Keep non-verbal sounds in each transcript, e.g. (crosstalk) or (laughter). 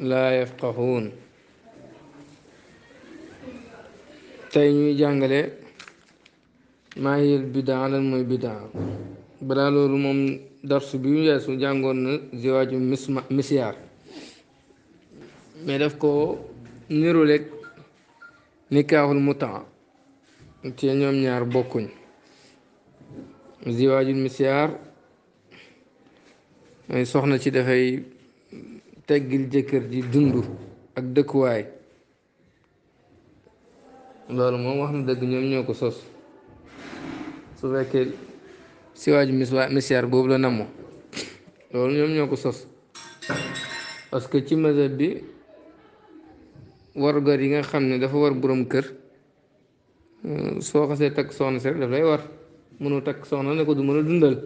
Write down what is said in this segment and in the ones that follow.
laa yafqahuun tey ñuy jàngale maa hiyal bidaa lan mooy bidaa balaa loolu moom darsu bi ñu yeesu jàngoon na ziwaaju misma misiyaar mais daf ko niruleeg nikaaxul mutaa ci ñoom ñaar bokkuñ ziwaaju misiyaar soxna ci dafay teggil jëkkër ji dund ak dëkkuwaay loolu moom wax na dëgg ñoom ñoo ko sos su fekkee siwaaju misiyaar boobu la namm loolu ñoom ñoo ko sos parce que ci mazhab bi warugar yi nga xam ne dafa war boroom kër euh, soo xasee takk soxna si daf lay war mënoo takk soxna ne ko du mën a dundal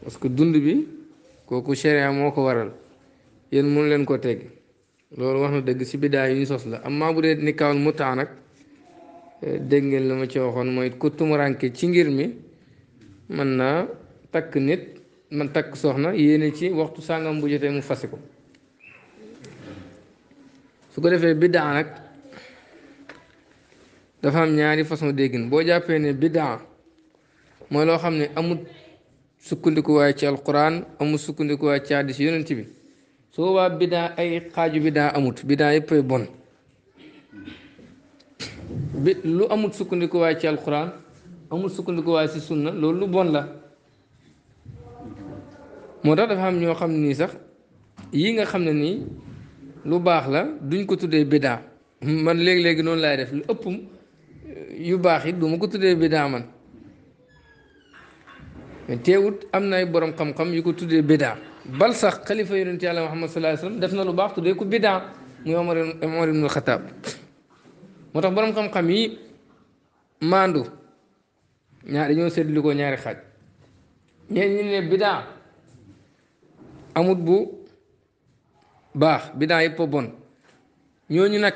parce que dund bi kooku sharia moo ko waral yéen mënu leen koo teggi loolu wax na dëgg ci biddaa yi ñu sos la amaa bu dee ni kawoon mu taa nag eh, dégg ngeen la ma ci waxoon mooy ko tumuranke ci ngir mi mën naa takk nit ma takk soxna yéene ci waxtu sàngam bu jotee mu fase ko su ko defee bidaa nag dafa am ñaari façon déggin boo jàppee ne bidaa mooy loo xam ne amut sukkandikuwaay ci alquran amut sukkandikuwaay ci hadiis yonent bi su boobaa bidaa ay xaaju bidaa amut bidaa yëpp bon bi lu amut sukkandikuwaay ci alquran amut sukkandikuwaay ci sunna loolu lu bon la moo tax dafa am ñoo xam ni sax yi nga xam ne nii lu baax la duñ ko tuddee bidaa man léegi-léegi noonu laay def lu ëpp yu baax yi du ko tuddee bidaa man mais teewut am na ay borom xam-xam yu ko tuddee bidaa bal sax xalifa yonent yàlla Muhammad sallallahu alayhi wasallam def na lu baax tuddee ko bidaa muy Omar Omar ibnul Xataab moo tax borom xam-xam yi maandu ñaar dañoo seetlu ko ñaari xaaj ñeen ñi ne bidaa amut bu baax bidaa yëpp a bon ñooñu nag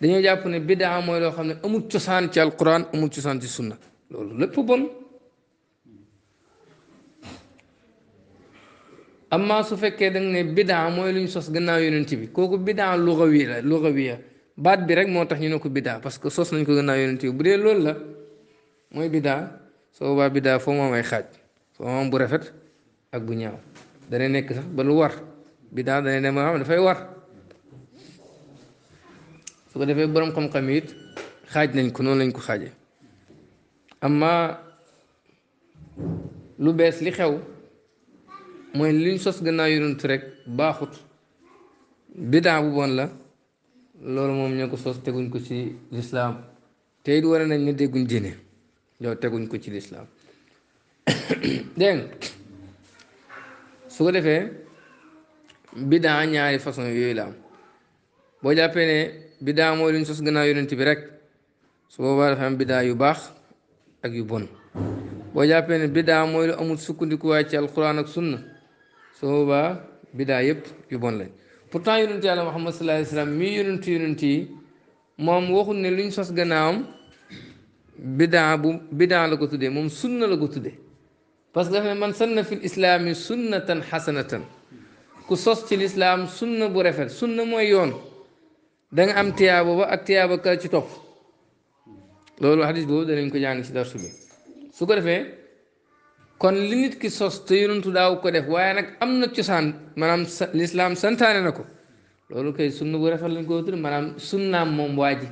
dañoo jàpp ne bidaa mooy loo xam ne amut cosaan ci alquran amut cosaan ci sunna loolu lépp bon. اما سو فكي دا ني بدا موي لوني سوس غناو يونتي بي كوكو بدا لغوي لا لغوي بات بي رك موتاخ ني نكو بدا باسكو سوس نكو غناو يونتي بودي لول لا موي بدا سو با بدا فو موي خاج فو مو برافت اك بو نياو دا ني نيك صاح با لو وار بدا دا ني ما دا فاي وار سو دا فاي بروم كوم خميت خاج نانكو نون لنكو خاجي اما لو بيس لي خيو mooy liñ sos gannaaw yonentu rek baaxut bidaa bu bon la loolu moom ñoo ko sos teguñ ko ci lislaam te war nañ ne dégguñ diine yow teguñ ko ci lislaam (coughs) su ko defee bidaa ñaari façon yooyu la am boo jàppee ne bidaa mooy luñ sos gannaaw yonent bi rek su boobaa dafa am bidaa yu baax ak yu bon boo jàppee ne bidaa mooy lu amul sukkandikuwaay ci alquran ak sunna su boobaa biddaa yëpp yu bon lañ pourtant yonent yàlla Muhammad sallallahu alayhi wa sallam mii yonent yonent yi moom waxul ne luñ sos gannaawam biddaa bu biddaa la ko tuddee moom sunna la ko tuddee parce que dafa ne islaam sanna fil islaami sunnatan xasanatan ku sos ci lislaam sunna bu rafet sunna mooy yoon danga am tiyaaba ba ak tiyaaba ka ci topp loolu xadis boobu danañ ko jàng ci darsu bi su ko defee kon li nit ki sos te yonantu daaw ko def waaye nag am na cosaan maanaam lislaam santaane na ko loolu kay sunna bu rafet lañ ko tudd maanaam sunnaam moom waa ji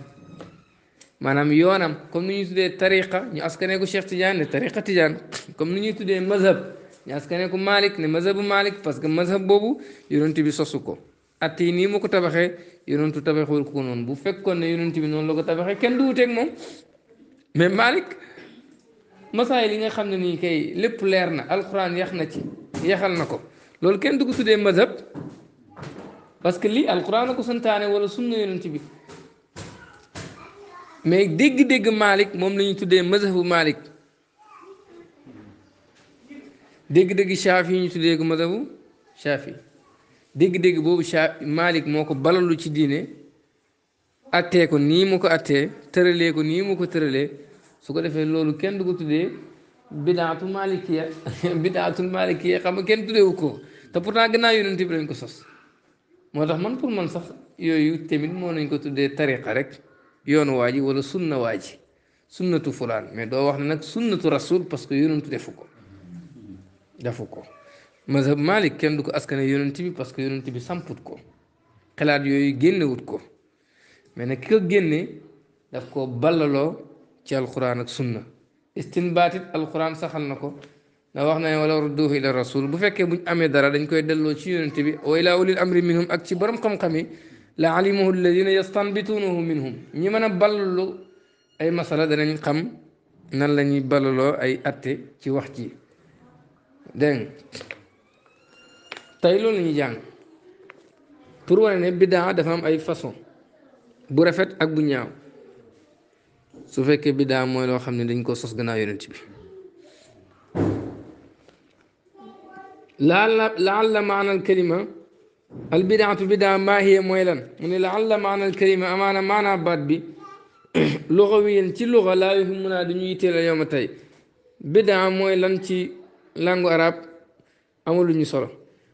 maanaam yoonam comme ni ñuy tuddee tariqa ñu askane ko Cheikh Tidiane ne tariqa Tidiane (coughs) comme ni ñuy tuddee mazhab ñu askane ko Malik ne mazhabu Malik parce que mazhab boobu yonantu bi sosu ko at yi nii mu ko tabaxee yonantu tabaxul ko noonu bu fekkoon ne yonantu bi noonu la ko tabaxee kenn du wuteeg moom mais masaay li nga xam ne nii kay lépp leer na alxuraan yax na ci yaxal na ko loolu kenn du ko dee mazhab parce que lii alxuraan a ko santaane wala sunna yonent bi mais dégg-dégg Malik moom la tuddee mazhabu Malik dégg-dégg Shafi ñu tuddee ko mazhabu Shafi dégg-dégg boobu Shafi Malik moo ko balalu ci diine attee ko nii mu ko attee tëralee ko nii mu ko tëralee su ko defee loolu kenn du ko tuddee bidaatu malikiya (laughs) bidaatul malikiya xam nga kenn tuddeewu ko te pourtant gannaaw yonent bi lañ ko sos moo tax man pour man sax yooyu tamit moo nañ ko tuddee tariqa rek yoonu waa ji wala sunna waa ji sunnatu fulaan mais doo wax ne nag sunnatu rasul parce que yonentu defu ko defu ko mazhab malik kenn du ko askane yonent bi parce que yonent bi samput ko xalaat yooyu génnewut ko mais nag ki ko génne daf ko ballaloo ci alquran ak sunna istinbaat it alquran saxal na ko ndax wax na ne wala rudduhu ila rasul bu fekkee buñ amee dara dañ koy delloo ci yonent bi wa ila ulil amri minhum ak ci borom xam-xam yi la alimahu alladina yastanbitunahu minhum ñi mën a ballalu ay masala danañ xam nan la ñuy ballaloo ay atte ci wax ji dégg nga tey loolu la ñuy jàng pour wane ne bidaa dafa am ay façon bu rafet ak bu ñaaw su fekkee biddaa mooy loo xam ne dañ ko sos gannaaw yonent bi laal laal la maanal kalima al bidaatu bidaa maa hiya mooy lan mu ne laal la maanal kalima amaana maanaa baat bi luxa wiyen ci luxa laa yu mun naa dañuy yitteel yow ma tey bidaa mooy lan ci langu arab amul lu ñu solo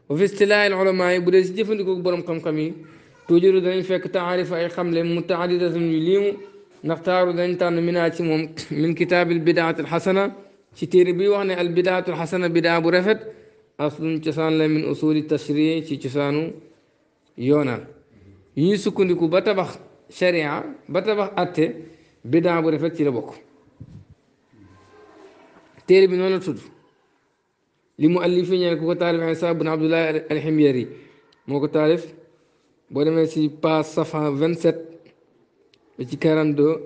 wa fi istilaahi ulamaa yi bu dee si jëfandikoo borom xam-xam yi toujours danañ fekk taarifa ay xamle mu taadidatun yu liimu naftaaru dañ tànn minaa ci moom min kitaabil bidaatil xasana ci téere bi wax ne al bidaatul xasana bidaa bu rafet aslun cosaan la min usuli tashri ci cosaanu yoonal yu ñuy sukkandiku ba tabax sharia ba tabax atte bidaa bu rafet ci la bokk téere bi noonu la tudd li mu allifi ñeen ku ko taalif Isa bun Abdullahi alximyari moo ko taalif boo demee si page safa 27 ba ci quarante deux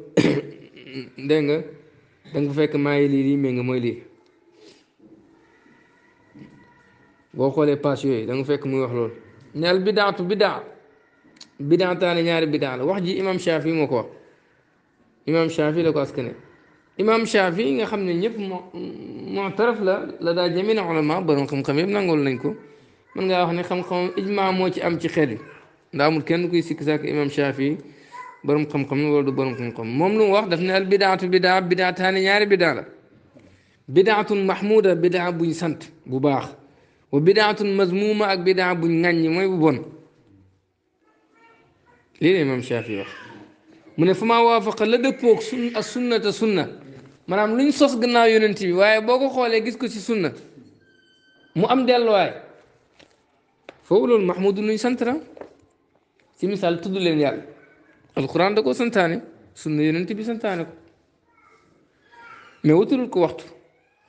(coughs) dégg fekk maa ngi lii lii mais nga mooy lii boo xoolee passe yooyu da fekk muy wax loolu ñaar bidaatu bidaa bidaataane ñaari bidaa la wax ji imam Shafi moo ko wax imam Shafi la ko askane imam nga xam ne ñëpp moo moo la la daa jëmee na ulama borom xam nañ ko mën ngaa wax ne ci am ci xel yi ndax amul kenn kuy sikk sàkk imam Shafi borom xam-xam la wala du borom xam-xam moom lu mu wax daf ne al bidaatu bidaa bidaataani ñaari bidaa la bidaatun mahmuda bidaa buñ sant bu baax wa bidaatun mazmuma ak bidaa buñ ŋàññi mooy bu bon lii la imam Shaafi wax mu ne fa maa waafaqa la dëppoog sun ak sunnata sunna maanaam luñ sos gannaaw yonent bi waaye boo ko xoolee gis ko ci sunna mu am delluwaay foofu loolu mahmudu luñ sant la ci misaal tudd leen yàlla alquran da koo santaane sunna yonent bi santaane ko mais wutalut ko waxtu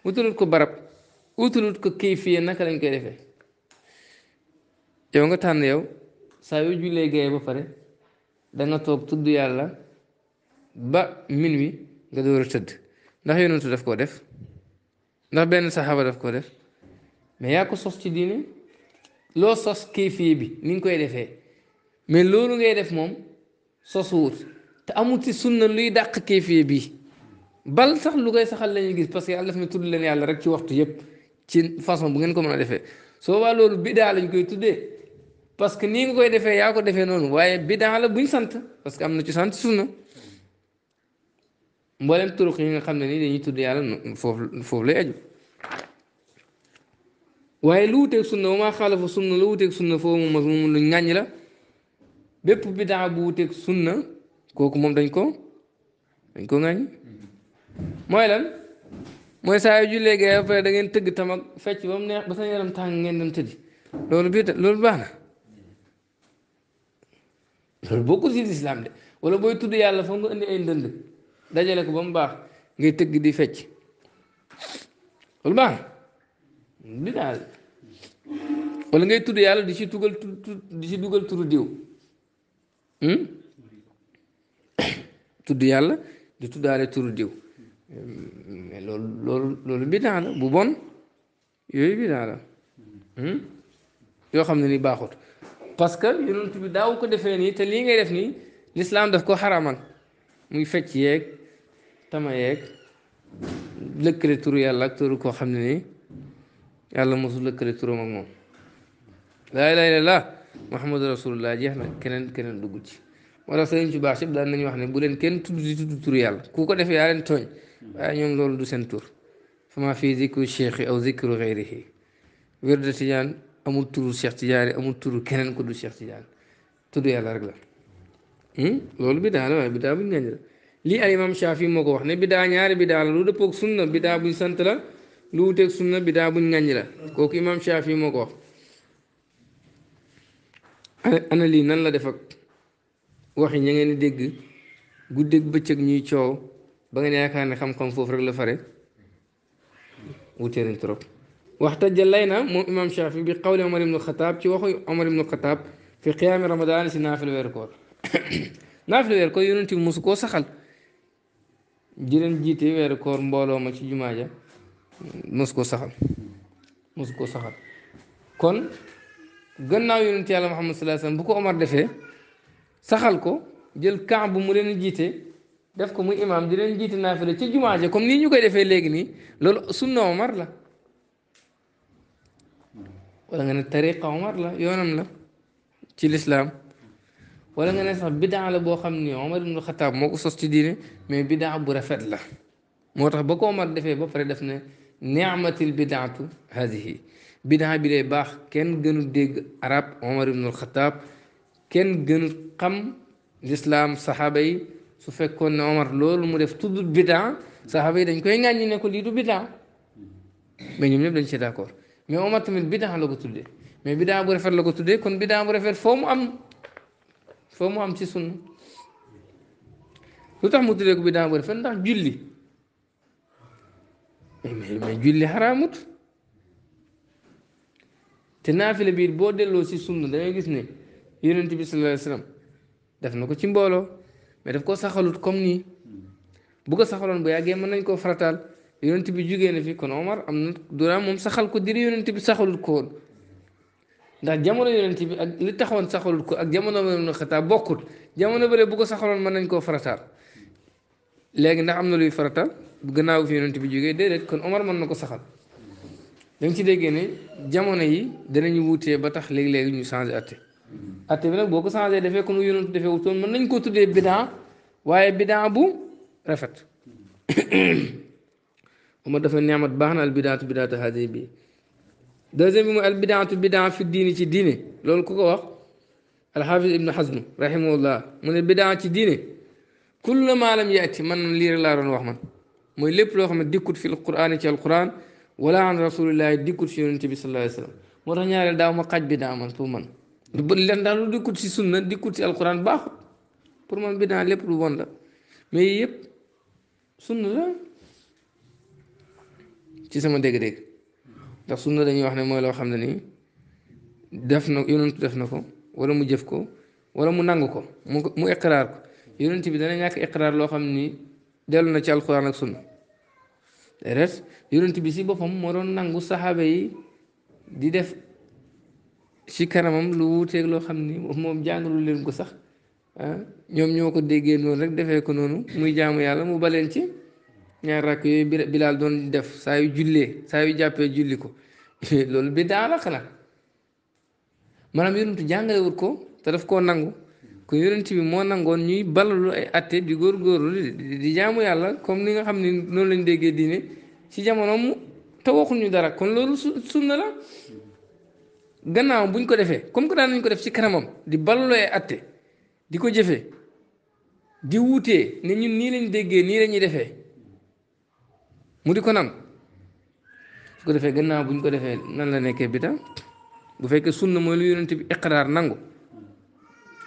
wutalut ko barab wutalut ko kayfiya naka lañ koy defee yow nga tànn yow saa yow jullee gaye ba pare da nga toog tudd yàlla ba min wi nga door a tëdd ndax yonentu daf koo def ndax benn saxaaba daf koo def mais yaa ko sos ci diine loo sos kayfiya bi ni nga koy defee mais loolu ngay def moom sosuwut te amu ci sunna luy dàq kéefee bi bal sax lu koy saxal la ñuy gis parce que yàlla def na tudd leen yàlla rek ci waxtu yépp ci façon bu ngeen ko mën a defee soo waa loolu bidaa lañ koy tuddee parce que nii nga koy defee yaa ko defee noonu waaye bidaa la buñ sant parce que am na ci sant sunna mboolem turuq yi nga xam ne nii dañuy tudd yàlla foofu foofu lay aju waaye lu wuteeg sunna wa maa xaalafa sunna lu wuteeg sunna foofu moom mazmuum lu ñàññ la bépp bidaa bu wuteeg sunna kooku moom dañ ko dañ ko ŋañ mooy lan mooy saa yu jullee gee après da ngeen tëgg tam ak fecc ba mu neex ba seen yaram tàng ngeen dem tëddi loolu bi loolu baax na loolu bokkul ci lislaam de wala booy tudd yàlla foog nga indi ay ndënd dajale ko ba mu baax ngay tëgg di fecc loolu baax na bidaa wala ngay tudd yàlla di si tugal tu ci dugal turu diw Hmm? (coughs) tudd yàlla di tuddaale turu diw hmm, mais loolu loolu bu bon yooyu bidaa hmm? yoo xam ne ni baaxut parce que yonent bi daaw ko defee nii te lii ngay def nii lislaam def ko xaramal muy fecc yeeg tama yeeg lëkkale turu yàlla ak turu koo xam ne nii yàlla mosul lëkkale turam ak moom laa ilaaha illallaah Muhammadu Rasulullah jeex na keneen keneen dugg ci moo tax sëriñ su baax yëpp daan nañu wax ne bu leen kenn tudd di tudd tur yàlla ku ko defee yaa leen tooñ waaye ñoom loolu du seen tur fama fii zikru cheikhi aw zikru xeyrihi wérde tijaan amul turu cheikh tijaani amul turu keneen ku du cheikh tijaani tudd yàlla rek la hmm? loolu bidaa la waaye bidaa buñ ngànj la lii al imam Shaafi moo ko wax ne bidaa ñaari bidaa la lu dëppoog sunna bidaa buñ sant la lu wuteeg sunna bidaa buñ ngànj la kooku imam Shaafi moo ko wax انا لي نان لا ديفك واخي نيغي ني ديغ غود ديغ بيتك ني تيو باغي نياكان خام كوم فوف رك لا فاري ووتيرن تروك واخ تجلينا امام شافعي بقول عمر بن الخطاب تي واخو عمر بن الخطاب في قيام رمضان سي نافل ويركور نافل ويركور يونتي موسكو سخال جيرن جيتي ويركور مبولو ما سي جمعه موسكو سخال موسكو سخال كون gannaaw yonent yàlla Muhammad sallallahu alayhi wasallam bu ko Omar defee saxal ko jël camp bu mu leen jiite def ko muy imaam di leen jiite naafila ci jumaa ja comme nii ñu koy defee léegi nii loolu sunna Omar la wala nga ne tariqa Omar la yoonam la ci lislaam wala nga ne sax bidaa la boo xam ni Omar ibnu Xataab moo ko sos ci diine mais bidaa bu rafet la moo tax ba ko Omar defee ba pare def ne niamatil bidaatu hadihi bidaa bi day baax kenn gënu dégg arab omar ibnul xataab kenn gënul xam lislaam saxaaba yi su fekkoon ne omar loolu mu def tudd bidaa saxaaba yi dañ koy ŋàññi ne ko lii du bidaa mais ñoom ñëpp dañ ci d'accord mais omar tamit bidaa la ko tuddee mais bidaa bu rafet la ko tuddee kon bidaa bu rafet foo mu am foo mu am ci sunna lu tax mu tuddee ko bidaa bu rafet ndax julli mais julli xaraamut تنافل بير بودل لو سي سنة دا يجيس ني يرن تبي صلى الله عليه وسلم دفن كو تيمبولو مي داف كو ساخالوت كوم ني بوغا ساخالون بو ياغي من نكو فراتال يرن تبي جوغي في كون عمر ام دورا موم ساخال كو ديري يونتي تبي ساخالوت كون دا جامونو يونتي تبي اك لي تاخون ساخالوت كو اك جامونو من خطا بوكوت جامونو بري بوغا ساخالون من نكو فراتال لغي نا امنا لوي فراتال غناو في يرن تبي جوغي ديدت كون عمر من نكو ساخالوت dañ ci déggee ne jamono yi ñu wutee ba tax léegi-léegi ñu changé atte atte bi nag boo ko changé defee comme yonent defee wutoon mën nañ ko tuddee bidan waaye bidan bu rafet uma (coughs) dafa neemat baax na al bidaatu bidaatu haadi bi deuxième bi al bidaatu bidan fi diini ci diine loolu ku ko wax alxaafis ibnu xasm rahimahullah mu ne bidan ci diine kullu maalam yaati man lii rek laa doon wax man mooy lépp loo xam ne dikkut fi alquran ci alquran ولا عن رسول الله ديكوت سي يونس صلى الله عليه وسلم مورا نياري داو ما خاج بي دامل بو مان لين دا لو ديكوت سي سنن ديكوت سي القران باخ بور مان بي دا لو وون لا مي ييب سنن لا سي سما ديغ ديغ دا سنن دا نيو واخني موي لو خامل ني دافنا يونس دافنا كو ولا مو جيف كو ولا مو نانغ كو مو اقرار كو يونس بي دا نياك اقرار لو خامل ني دلنا سي القران اك سنن te res yonent bi si boppam moo doon nangu saxaaba yi di def ci kanamam lu wuuteeg loo xam ni moom jàngalul leen ko sax ah, ñoom ñoo ko déggee noonu rek defee ko noonu muy jaamu yàlla mu baleen ci ñaar rakk yooyu bilaal doon def saa yu jullee saa yu jàppee julli ko (laughs) loolu bi daa la maanaam yonent jàngalewut ko te daf koo nangu ko yonent bi moo nangoon ñuy balalu ay atte di góorgóorlu di jaamu yàlla comme ni nga xam ne noonu lañu déggee diine ci jamonoom te waxuñu dara kon loolu sunna la gannaaw buñ ko defee comme que daan nañ ko def ci kanamam di balalu ay di ko jëfee di wuutee ne ñun nii lañ déggee nii la defee mu di ko nangu su ko defee gannaaw buñ ko defee nan la nekkee bida bu fekkee sunna mooy lu yonent bi iqraar nangu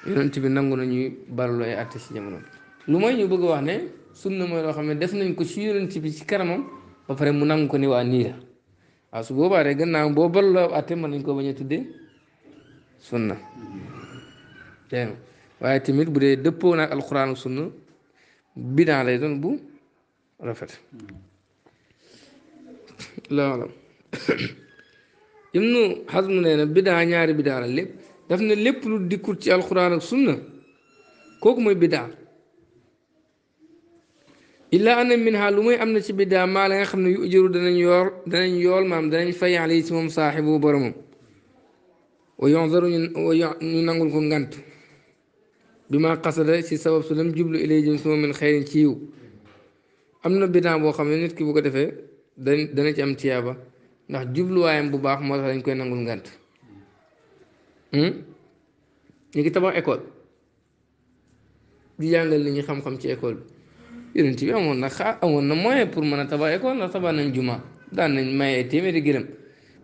yonent bi nangu nañuy baralu ay si jamono lu mooy ñu bëgg wax ne sunna mooy loo xam ne def nañ ko ci yonent bi ci kanamam ba pare mu nangu ko ni waa nii la waaw su boobaa rek gannaaw boo baralu ay àtte mën nañ ko bañ a tuddee sunna dégg waaye tamit bu dee dëppoo naag alxuraan sunna bidaa lay doon bu rafet loolu (coughs) Ibnu Hazm nee na bidaa ñaari bidaa la lépp daf ne lépp lu dikkul ci alxuraan ak sunna kooku mooy biddaa illaa anna minha lu muy am na ci biddaa maa la nga xam ne yu ujëru danañ yool danañ yool maam danañ fay ale ci moom saaxibu boromam wa yonzaru ñu nangul ko ngant bi ma xasada ci sabab su lam jublu ilay jëm suma min xëyrin ci yiw am na biddaa boo xam ne nit ki bu ko defee dana ci am tiyaaba ndax jubluwaayam bu baax moo tax dañ koy nangul ngant Hmm? ñu ngi tabax école di jàngal li ñu xam-xam ci école bi yonent bi amoon na amoon na moyen pour mën a tabax école ndax tabax nañ juma daan nañ maye téeméeri gërëm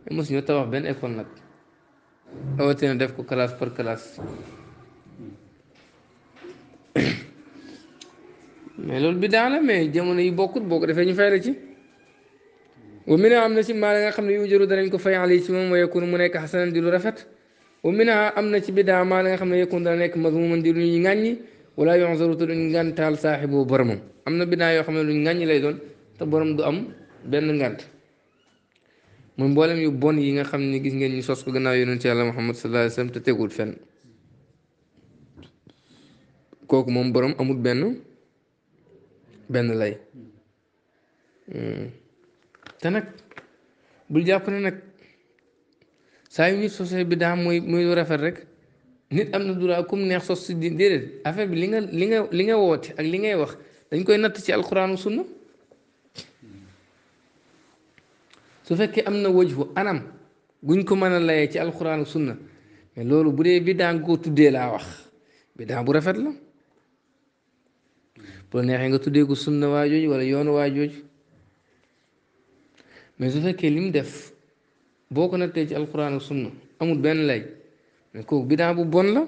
mais mosuñoo tabax benn école nag rawatina def ko classe par classe (coughs) mais loolu bi daan la mais jamono yi bokkut boo ko ñu fay la ci wa mi ne am na si maa la nga xam ne yu jëru danañ ko fay ali ci moom wa yakunu mu nekk xasanan di lu rafet wa am na ci bidaa maa la nga xam ne yëkkun dana nekk mazmuman di lu ñuy ŋàññi wala yonzaru te duñ ngàntaal na bidaa yoo xam ne luñ ŋàññi lay doon te borom du am benn ngànt mooy mboolem yu bon yi nga xam ni gis ngeen ñu sos ko gannaaw yonent yàlla Muhammad sallallahu alayhi wasallam te tegul fenn kooku moom borom amul benn benn lay hmm. te nag bul jàpp ne nag saa yu nit sosee biddaa muy muy lu rafet rek nit am na droit comme neex sos si déedéet affaire bi li nga li nga li nga woote ak li ngay wax dañ koy natt ci alquraanu sunna su fekkee am na wajhu anam guñ ko mën a layee ci alquraanu sunna mais loolu bu dee biddaa nga ko tuddee laa wax biddaa bu rafet la bu la neexee nga tuddee ko sunna waa jooju wala yoonu waa jooju mais su fekkee lim def. boo ko nattee ci alquran ak sunna amul benn lay mais kooku bidaa bu bon la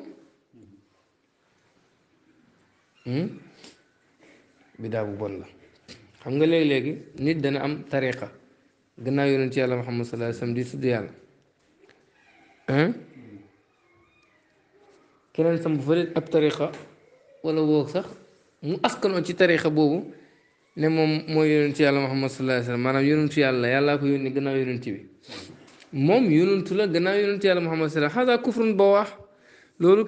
hmm? bidaa bu bon la xam nga léegi-léegi nit dana am tariqa gannaaw yonent ci yàlla muhammad sallallahu alayhi wasallam di tudd yàlla hmm? keneen samp fële ab tariqa wala boog sax mu askanoo ci tariqa boobu ne moom mooy yonent ci yàlla muhammad sallallahu alayhi wasallam maanaam yonent ci yàlla yàllaa ko yónni gannaaw yonent bi moom yonantu la gannaaw yonantu yàlla Muhammad sala xasa kufrun ba wax loolu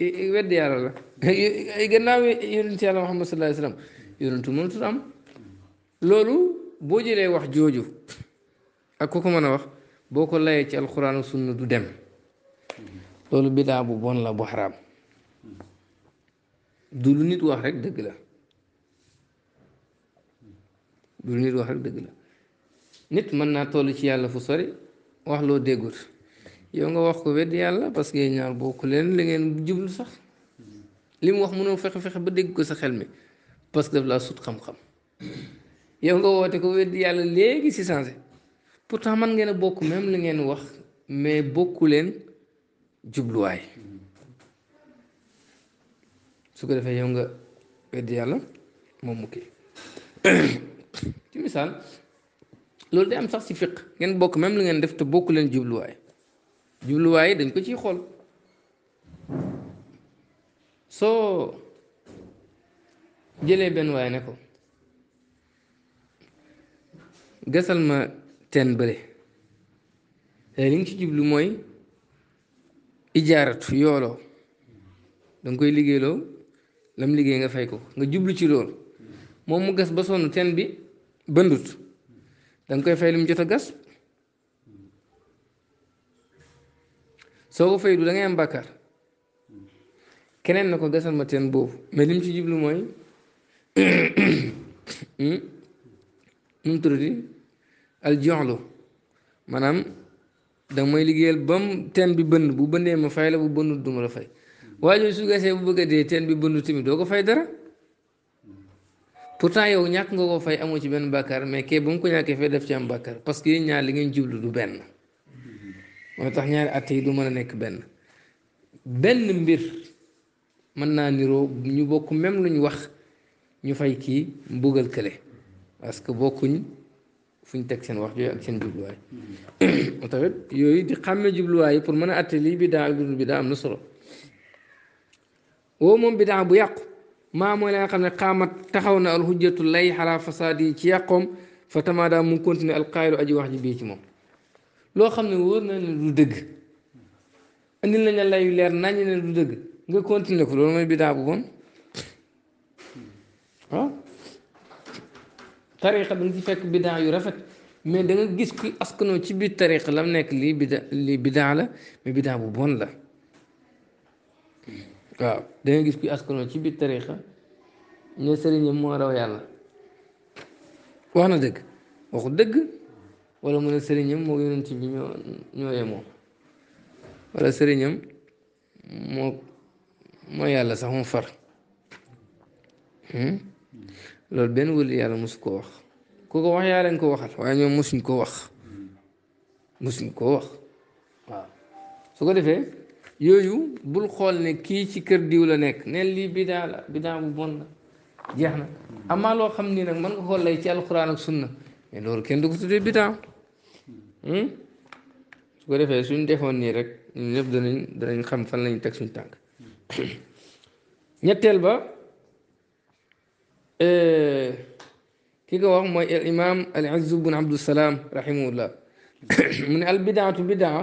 weddi yàlla la ay (laughs) gannaaw yonantu yàlla Muhammad sallallahu alayhi wa sallam yonantu mënatul am loolu boo jëlee wax jooju ak ku ko mën a wax boo ko layee ci alxuraan sunna du dem loolu bidaa bu bon la bu xaraam du lu nit wax rek dëgg la du lu nit wax rek dëgg la nit mën naa tollu ci yàlla fu sori wax loo déggut yow nga wax ko wedd yàlla parce que ñaar bokk leen li ngeen jublu sax li mu wax mënoo fexe fexe ba dégg ko sa xel mi parce que daf laa sut xam-xam yow nga woote ko wedd yàlla léegi si changé pourtant man ngeen a bokk même li ngeen wax mais bokku leen jubluwaay su ko defee yow nga wedd yàlla moom mu kii (coughs) loolu day am sax si fiq ngeen bokk même li ngeen def te bokk leen jubluwaay jubluwaay dañ ko ciy xool soo jëlee benn waay ne ko gasal ma teen bële eh, li nga ci jublu mooy ijaaratu yooloo danga koy liggéeyloo lam liggéey nga fay ko nga jublu ci loolu moom mu gas ba sonn teen bi bëndut danga koy fay lu mu jot a gas soo ko fay du da am bàkkaar keneen na ko gasal ma teen boobu mais li mu ci jublu mooy (coughs) hmm? nu mu tuddati aljonlu maanaam danga may liggéeyal ba mu teen bi bënd bu bëndee ma fay la bu bënn du ma la fay waaye su gasee bu bëgg a dee teen bi bëndu tamit doo ko fay dara pourtant yow ñàkk nga koo fay amoo ci benn bàkkaar mais kee ba mu ko ñàkkee fay def ci am bàkkaar parce que ñaar li ngeen jublu du benn moo tax ñaari at yi du mën a nekk benn benn mbir mën naa niroo ñu bokk même lu ñu wax ñu fay kii mbugal kële parce que bokkuñ fu ñu teg seen wax yooyu ak seen jubluwaay (clears throat) moo taxit yooyu di xàmme jubluwaay pour mën a atte lii bidaa ak dul bidaa am na solo woo moom bidaa bu yàqu ما مولا خمنا قامت تخونا الهجة اللي على فسادي تياقم فتما دا ممكنتني القائل أجي واحد بيك مو لو خمنا ورنا ندق أن لنا لا يلير ناني ندق نقول كنت نقول ما يبدا بون ها طريقه بن دي يرفت مي دا نغيس كي اسكنو تي بي طريقه لام بدا لي بدا لا مي بدا بون لا waaw da gis kuy askanoo ci biir tarixa ne sëriñam moo raw yàlla wax na dëgg waxu dëgg wala mu ne sëriñam moo yonent bi ñoo sëriñam moo moo yàlla sax mu far hmm? loolu benn wël yàlla mosu koo wax ku wax yaa lañ ko waxal waaye ñoom mosuñ koo wax mosuñ koo wax waaw su ko defee yooyu bul xool ne kii ci kër diw la nekk ne lii bidaa la bidaa bu bon la jeex na amaa loo xam ni nag man nga xool lay ci alxuraan ak sunna mais loolu kenn du ko tuddee bidaa hmm? su ko defee suñ defoon nii rek ñun ñëpp danañ danañ xam fan lañu teg suñ tànk (coughs) ñetteel ba euh, ki ko wax mooy al imam al izz bun abdusalaam rahimahullah (coughs) mu ne al bidaatu bidaa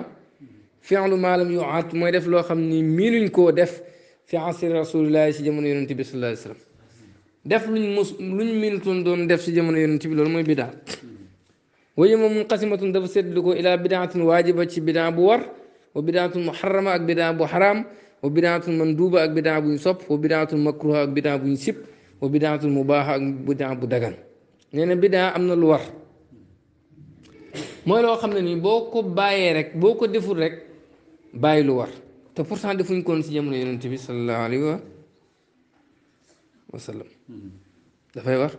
فعل ما لم يعط ما يدف لو خمني مينين كو دف في عصر رسول الله سي جمعنا ينتبه صلى الله عليه وسلم دف لن, مص... لن مينتون دون دف سي جمعنا ينتبه لن بدا ويما منقسمة دف سيد لكو إلى بدعة واجبة سي بدعة بوار وبدعة محرمة أك بدعة بحرام وبدعة مندوبة أك بدعة بنصب وبدعة مكروهة أك بدعة بنصب وبدعة مباحة أك بدعة بدغن لأن بدعة أمن الوار moy lo xamne ni boko baye rek bayilu war te pourtant defuñ koon ci jamono yonent bi sallallahu alayhi wa sallam da fay war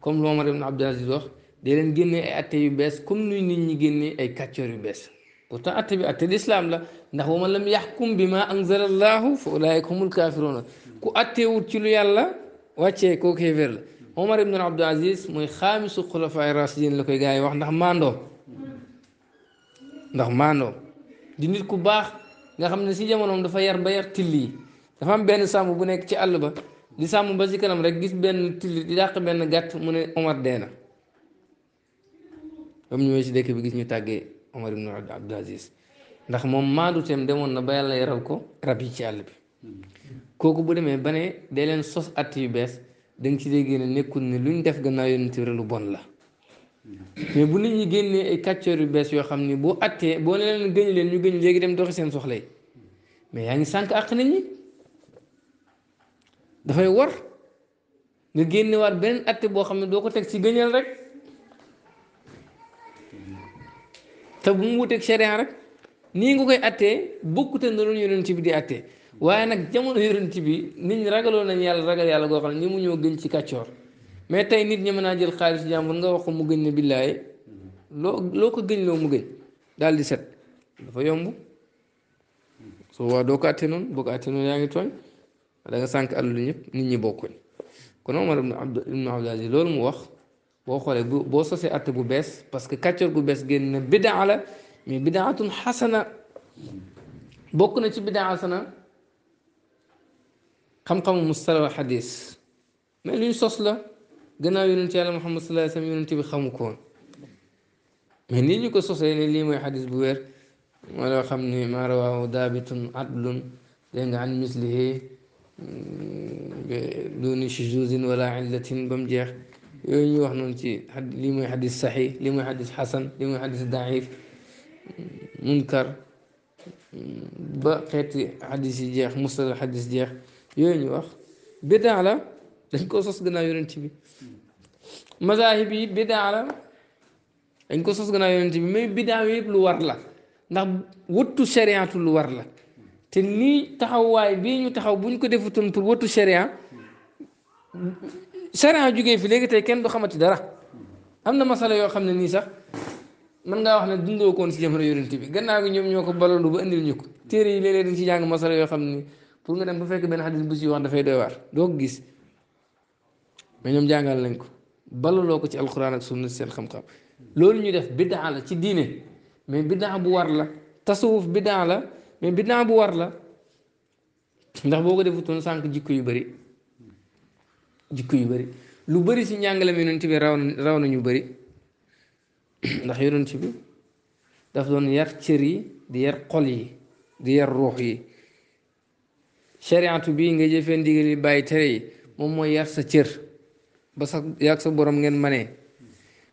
comme loo ma dem na Abdul wax de len génnee ay atte yu bees comme nuy nit ñi génnee ay katchor yu bees pourtant atte bi atte l'islam la ndax wama lam yahkum bima ma anzala fa ulaayika humul kaafiruuna ku wut ci lu yàlla wàccee koo kéeféer la Omar ibn Abdul moy mooy xaamisu xulafaay rasidiin la koy gaa wax ndax mando ndax mando di nit ku baax nga xam ne si jamonoom dafa yar ba yar till yi dafa am benn sàmm bu nekk ci àll ba di sàmm ba si kanam rek gis benn till di dàq benn gàtt mu ne Omar dee na ba mu si dëkk bi gis ñu tàggee Omar ibn Abdul Aziz ndax moom maadu teem demoon na ba yàlla yaral ko rab yi ci àll bi kooku bu demee ba ne dee leen sos at yu bees da ci dégg ne nekkul lu ñu def gannaaw yonent bi lu bon la mais bu nit ñi génnee ay kàccoor yu bees yoo xam ni boo attee boo ne leen gëñ leen ñu gëñ léegi dem doxi seen soxla yi mais yaa ngi sànq àq nit ñi dafay war nga génnewaat benn atte boo xam ne doo ko teg ci gëñal rek te bu mu wuteeg sharia rek nii nga koy attee bokkute na doon yonent bi di attee waaye nag jamono yonent bi nit ñi ragaloon nañ yàlla ragal yàlla goo xam ne ñi mu ñoo gën ci kàccoor mais tey nit ñi mën naa jël xaalis jàmbur nga wax ko mu gëñ ne billaay loo loo ko gëñ loo mu gëñ daal di set dafa yomb soo waa doo ko àtte noonu boo ko àtte noonu yaa ngi tooñ da nga sànq lu ñëpp nit ñi bokkuñ kon Omar ibn Abd ibn Aziz loolu mu wax boo xoolee bu boo sosee àtte bu bees parce que kàccoor gu bees génn na bidaa la mais bidaatun xasana bokk na ci bidaa xasana xam-xamu mustala xadis mais luñ sos la. gannaaw yonent yàlla Muhammad sallallahu alayhi wa sallam yonent bi xamu ko woon mais nii ñu ko sosee ne lii mooy xadis bu wér moo loo xam ne maa rawaahu daabitun adlun dégg nga an mislihi duni shuzuzin wala illatin ba mu jeex yooyu ñu wax noonu ci lii mooy xadis saxi lii mooy xadis xasan lii mooy xadis daif munkar ba xeeti xadis yi jeex mustal xadis jeex yooyu ñu wax bidaa la dañ ko sos gannaaw yonent bi mazaahib yi bidaa la dañ ko sos gannaaw yonent bi mais bidaa yooyu yëpp lu war la ndax wëttu chériatu lu war la te nii taxawaay bii ñu taxaw bu ñu ko defutoon pour wëttu chéria chéria jógee fi léegi tey kenn du xamati dara am na masala yoo xam ne nii sax man ngaa wax ne dundoo koon si jamono yonent bi gannaaw gi ñoom ñoo ko balondu ba indi indil ñu ko téere yi léeg-léeg dañ ci jàng masala yoo xam ne pour nga dem bu fekk benn xadis bu si wax dafay doy waar doo ko ñoom jàngal nañ ko balaloo ko ci alquran ak sunna seen xam-xam loolu ñu def biddaa la ci diine mais biddaa bu war la tasawuf biddaa la mais biddaa bu war la ndax boo ko defutoon sànq jikko yu bëri jikko yu bëri lu bëri si njàngale mi yonent bi raw na raw nañu bëri ndax yonent bi daf doon yar cër yi di yar xol yi di yar ruux yi shariatu bi nga jëfee ndigal yi bàyyi tere yi moom mooy yar sa cër ba sax yàgg sa borom ngeen mane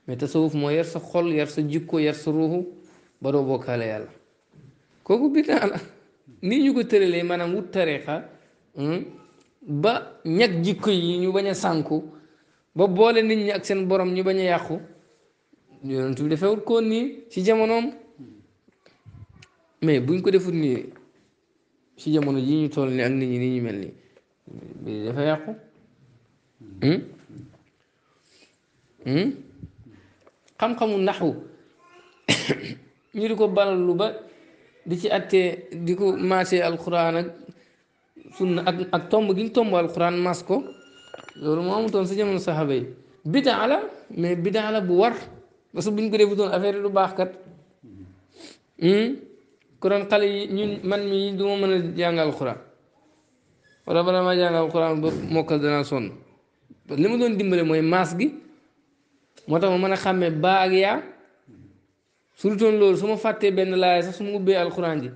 mais tasawuf moo yar sa xol yar sa jikko yar sa ruuxu ba doo bokkaale yàlla kooku bidaa la nii ñu ko tëralee maanaam wut tariqa hmm, ba ñag jikko yi ñu bañ a sànku ba boole nit ñi ak seen borom ñu bañ a yàqu yonent bi defewut ko nii ci jamonoom mais buñ ko defut nii ci jamono ji ñu toll nii ak nit ñi ni ñu mel nii dafa yàqu hmm? Hmm? xam-xamu naxu (coughs) ñu di ko balalu ba di ci attee di ko maasee alxuraan ak tomb gi ñu tomb alxuraan maas ko loolu moo amutoon sa jamono saxaaba yi bidaa la mais bidaa la bu war parce que ñu ko defutoon affaire yi du baax kat hmm? ku doon xale yi ñun man mii du mën a jàng alxuraan wala bala maa jàng alxuraan ba mokkal danaa sonn li ma doon dimbale mooy maas gi. moo tax ma mën a xàmmee baa ak yaa surtout loolu su ma fàttee benn laaya sax su ma ubbee alxuraan ji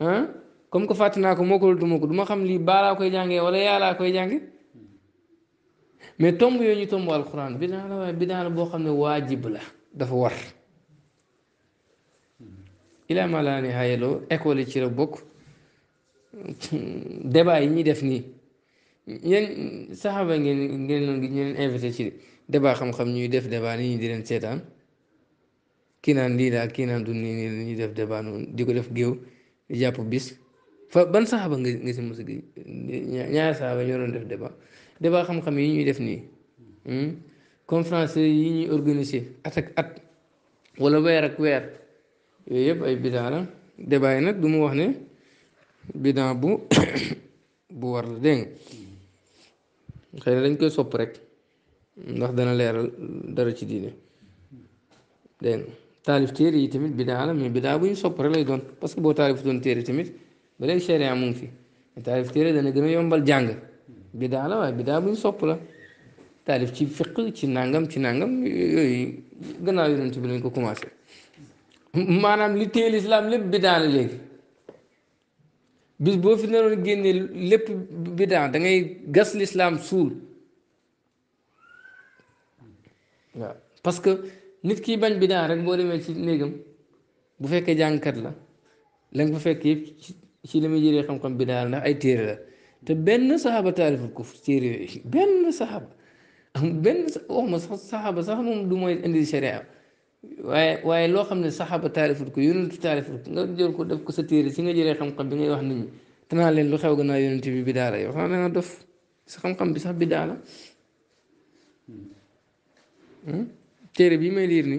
ah comme que fàtte naa ko moo ko duma ko duma xam lii baa laa koy jàngee wala yaa laa koy jàngee mais tomb yooyu ñu tomb alxuraan bi daa la bi daa boo xam ne waajib la dafa war ilaa ma laa ne xayaloo école yi ci la bokk débat yi ñuy def nii yéen saxaaba ngeen ngeen doon ñeneen invité ci débat xam-xam ñuy def débat nit di leen seetaan kii naan lii la kii naan du nii ñu def débat noonu di ko def géew jàpp bis fa ban saxaaba nga nga si mos a gis ñaari saxaaba ñoo doon def débat débat xam-xam yi ñuy def nii hmm? conférence yi ñuy organiser at ak at wala weer ak weer yooyu yëpp ay bidaa la yi nag du mu wax ne bidaa bu (coughs) bu war la dégg nga hmm. xëy dañ koy sopp rek. ndax dana leeral dara ci diine dégg taalif téere yi tamit bidaa la mais bidaa bu ñu sopp rek lay doon parce que boo taalif doon téere tamit ba léegi sharia mu ngi fi taalif téere dana gën a yombal jàng bidaa la waaye bidaa bu ñu sopp la taalif ci fiq ci nangam ci nangam yooyu gannaaw yonent bi lañ ko commencé maanaam li téye lislaam lépp bidaa la léegi bis boo fi naroon génnee lépp bidaa da ngay gas lislaam suul waaw parce que nit ki bañ bidaa rek boo demee ci néegam bu fekkee jàngkat la la nga fa fekk yëpp ci li muy jëlee xam-xam bidaa la ay téere la te benn saxaaba taaliful ko téere yooyu benn saxaaba am benn waxuma sax saxaaba sax moom du mooy indi sharia waaye waaye loo xam ne saxaaba taaliful ko yonentu taaliful ko jël ko def ko sa téere si nga jëlee xam-xam bi ngay wax nit ñi te naa leen lu xew gannaaw yonent bi bidaa la yow xam nga dof sa xam-xam bi sax bidaa Hmm? téere bii may liir ni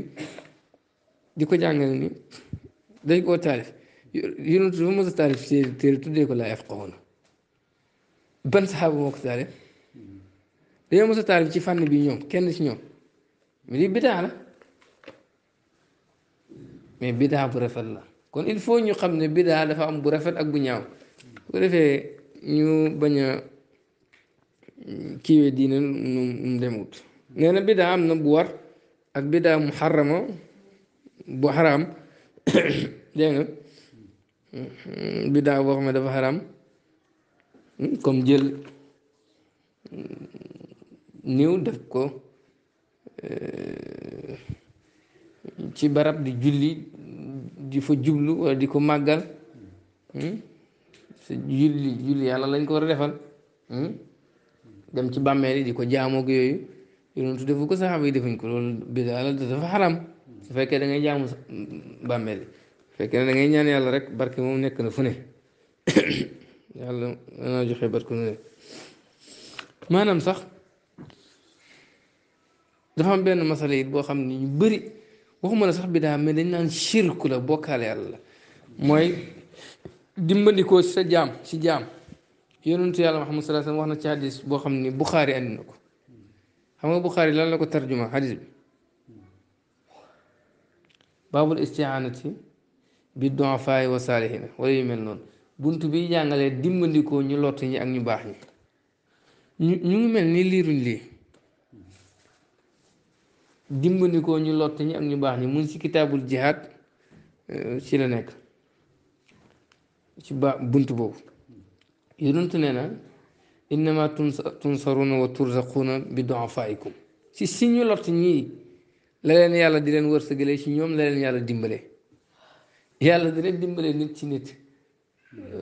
di ko jàngale ni dañ koo taalif yonent dafa mos a taalif téere tuddee ko laa yafqahuuna ban saxaaba ko taalif dañoo mos a taalif ci fànn bi ñoom kenn ci ñoom mais lii bidaa la mais bidaa bu rafet la kon il faut ñu xam ne bidaa dafa am bu rafet ak bu ñaaw bu defee ñu bañ a kiiwee diina nu mu demut neena na am na bu war ak bida mu xarama bu haram, (coughs) dégg mm-hmm. bida bo boo dafa haram mm, comme jël mm, niw def ko euh, ci barab di julli di fa jublu wala di ko Juli ci mm, julli julli yalla lañ ko wara defal dem ci di ko jaamoog yoyu yonent defu ko saxaaba yi defuñ ko loolu bidaa la dafa xaram su fekkee da ngay jaamu bàmmeel yi su fekkee ne da ngay ñaan yàlla rek barke moom nekk na fu ne yàlla naa joxe barke nu ne maanaam sax dafa am benn masala yi boo xam ne ñu bëri waxuma la sax bi bidaa mais dañ naan shirku la bokkaale yàlla la mooy dimbandikoo sa jaam si jaam yonentu yàlla Muhammad sallallahu alayhi wax na ci hadis boo xam ne Buxaari andi na ko xam nga Buxaari lan la ko tarjuma xadis bi baabul istianati bi duafaay wa saalihina wala yu mel noonu bunt bi jàngalee dimbandikoo ñu lott ñi ak ñu baax ñi ñu ñu mel ni liiruñ lii dimbandikoo ñu lott ñi ak ñu baax ñi mun ci kitaabul jihaad euh, ci la nekk ci ba bunt boobu yonent nee na إنما تنصرون وترزقون بضعفائكم si si ñu lott ñii la leen yàlla di leen wërsëgalee ci ñoom la leen yàlla dimbale yàlla di leen dimbale nit ci nit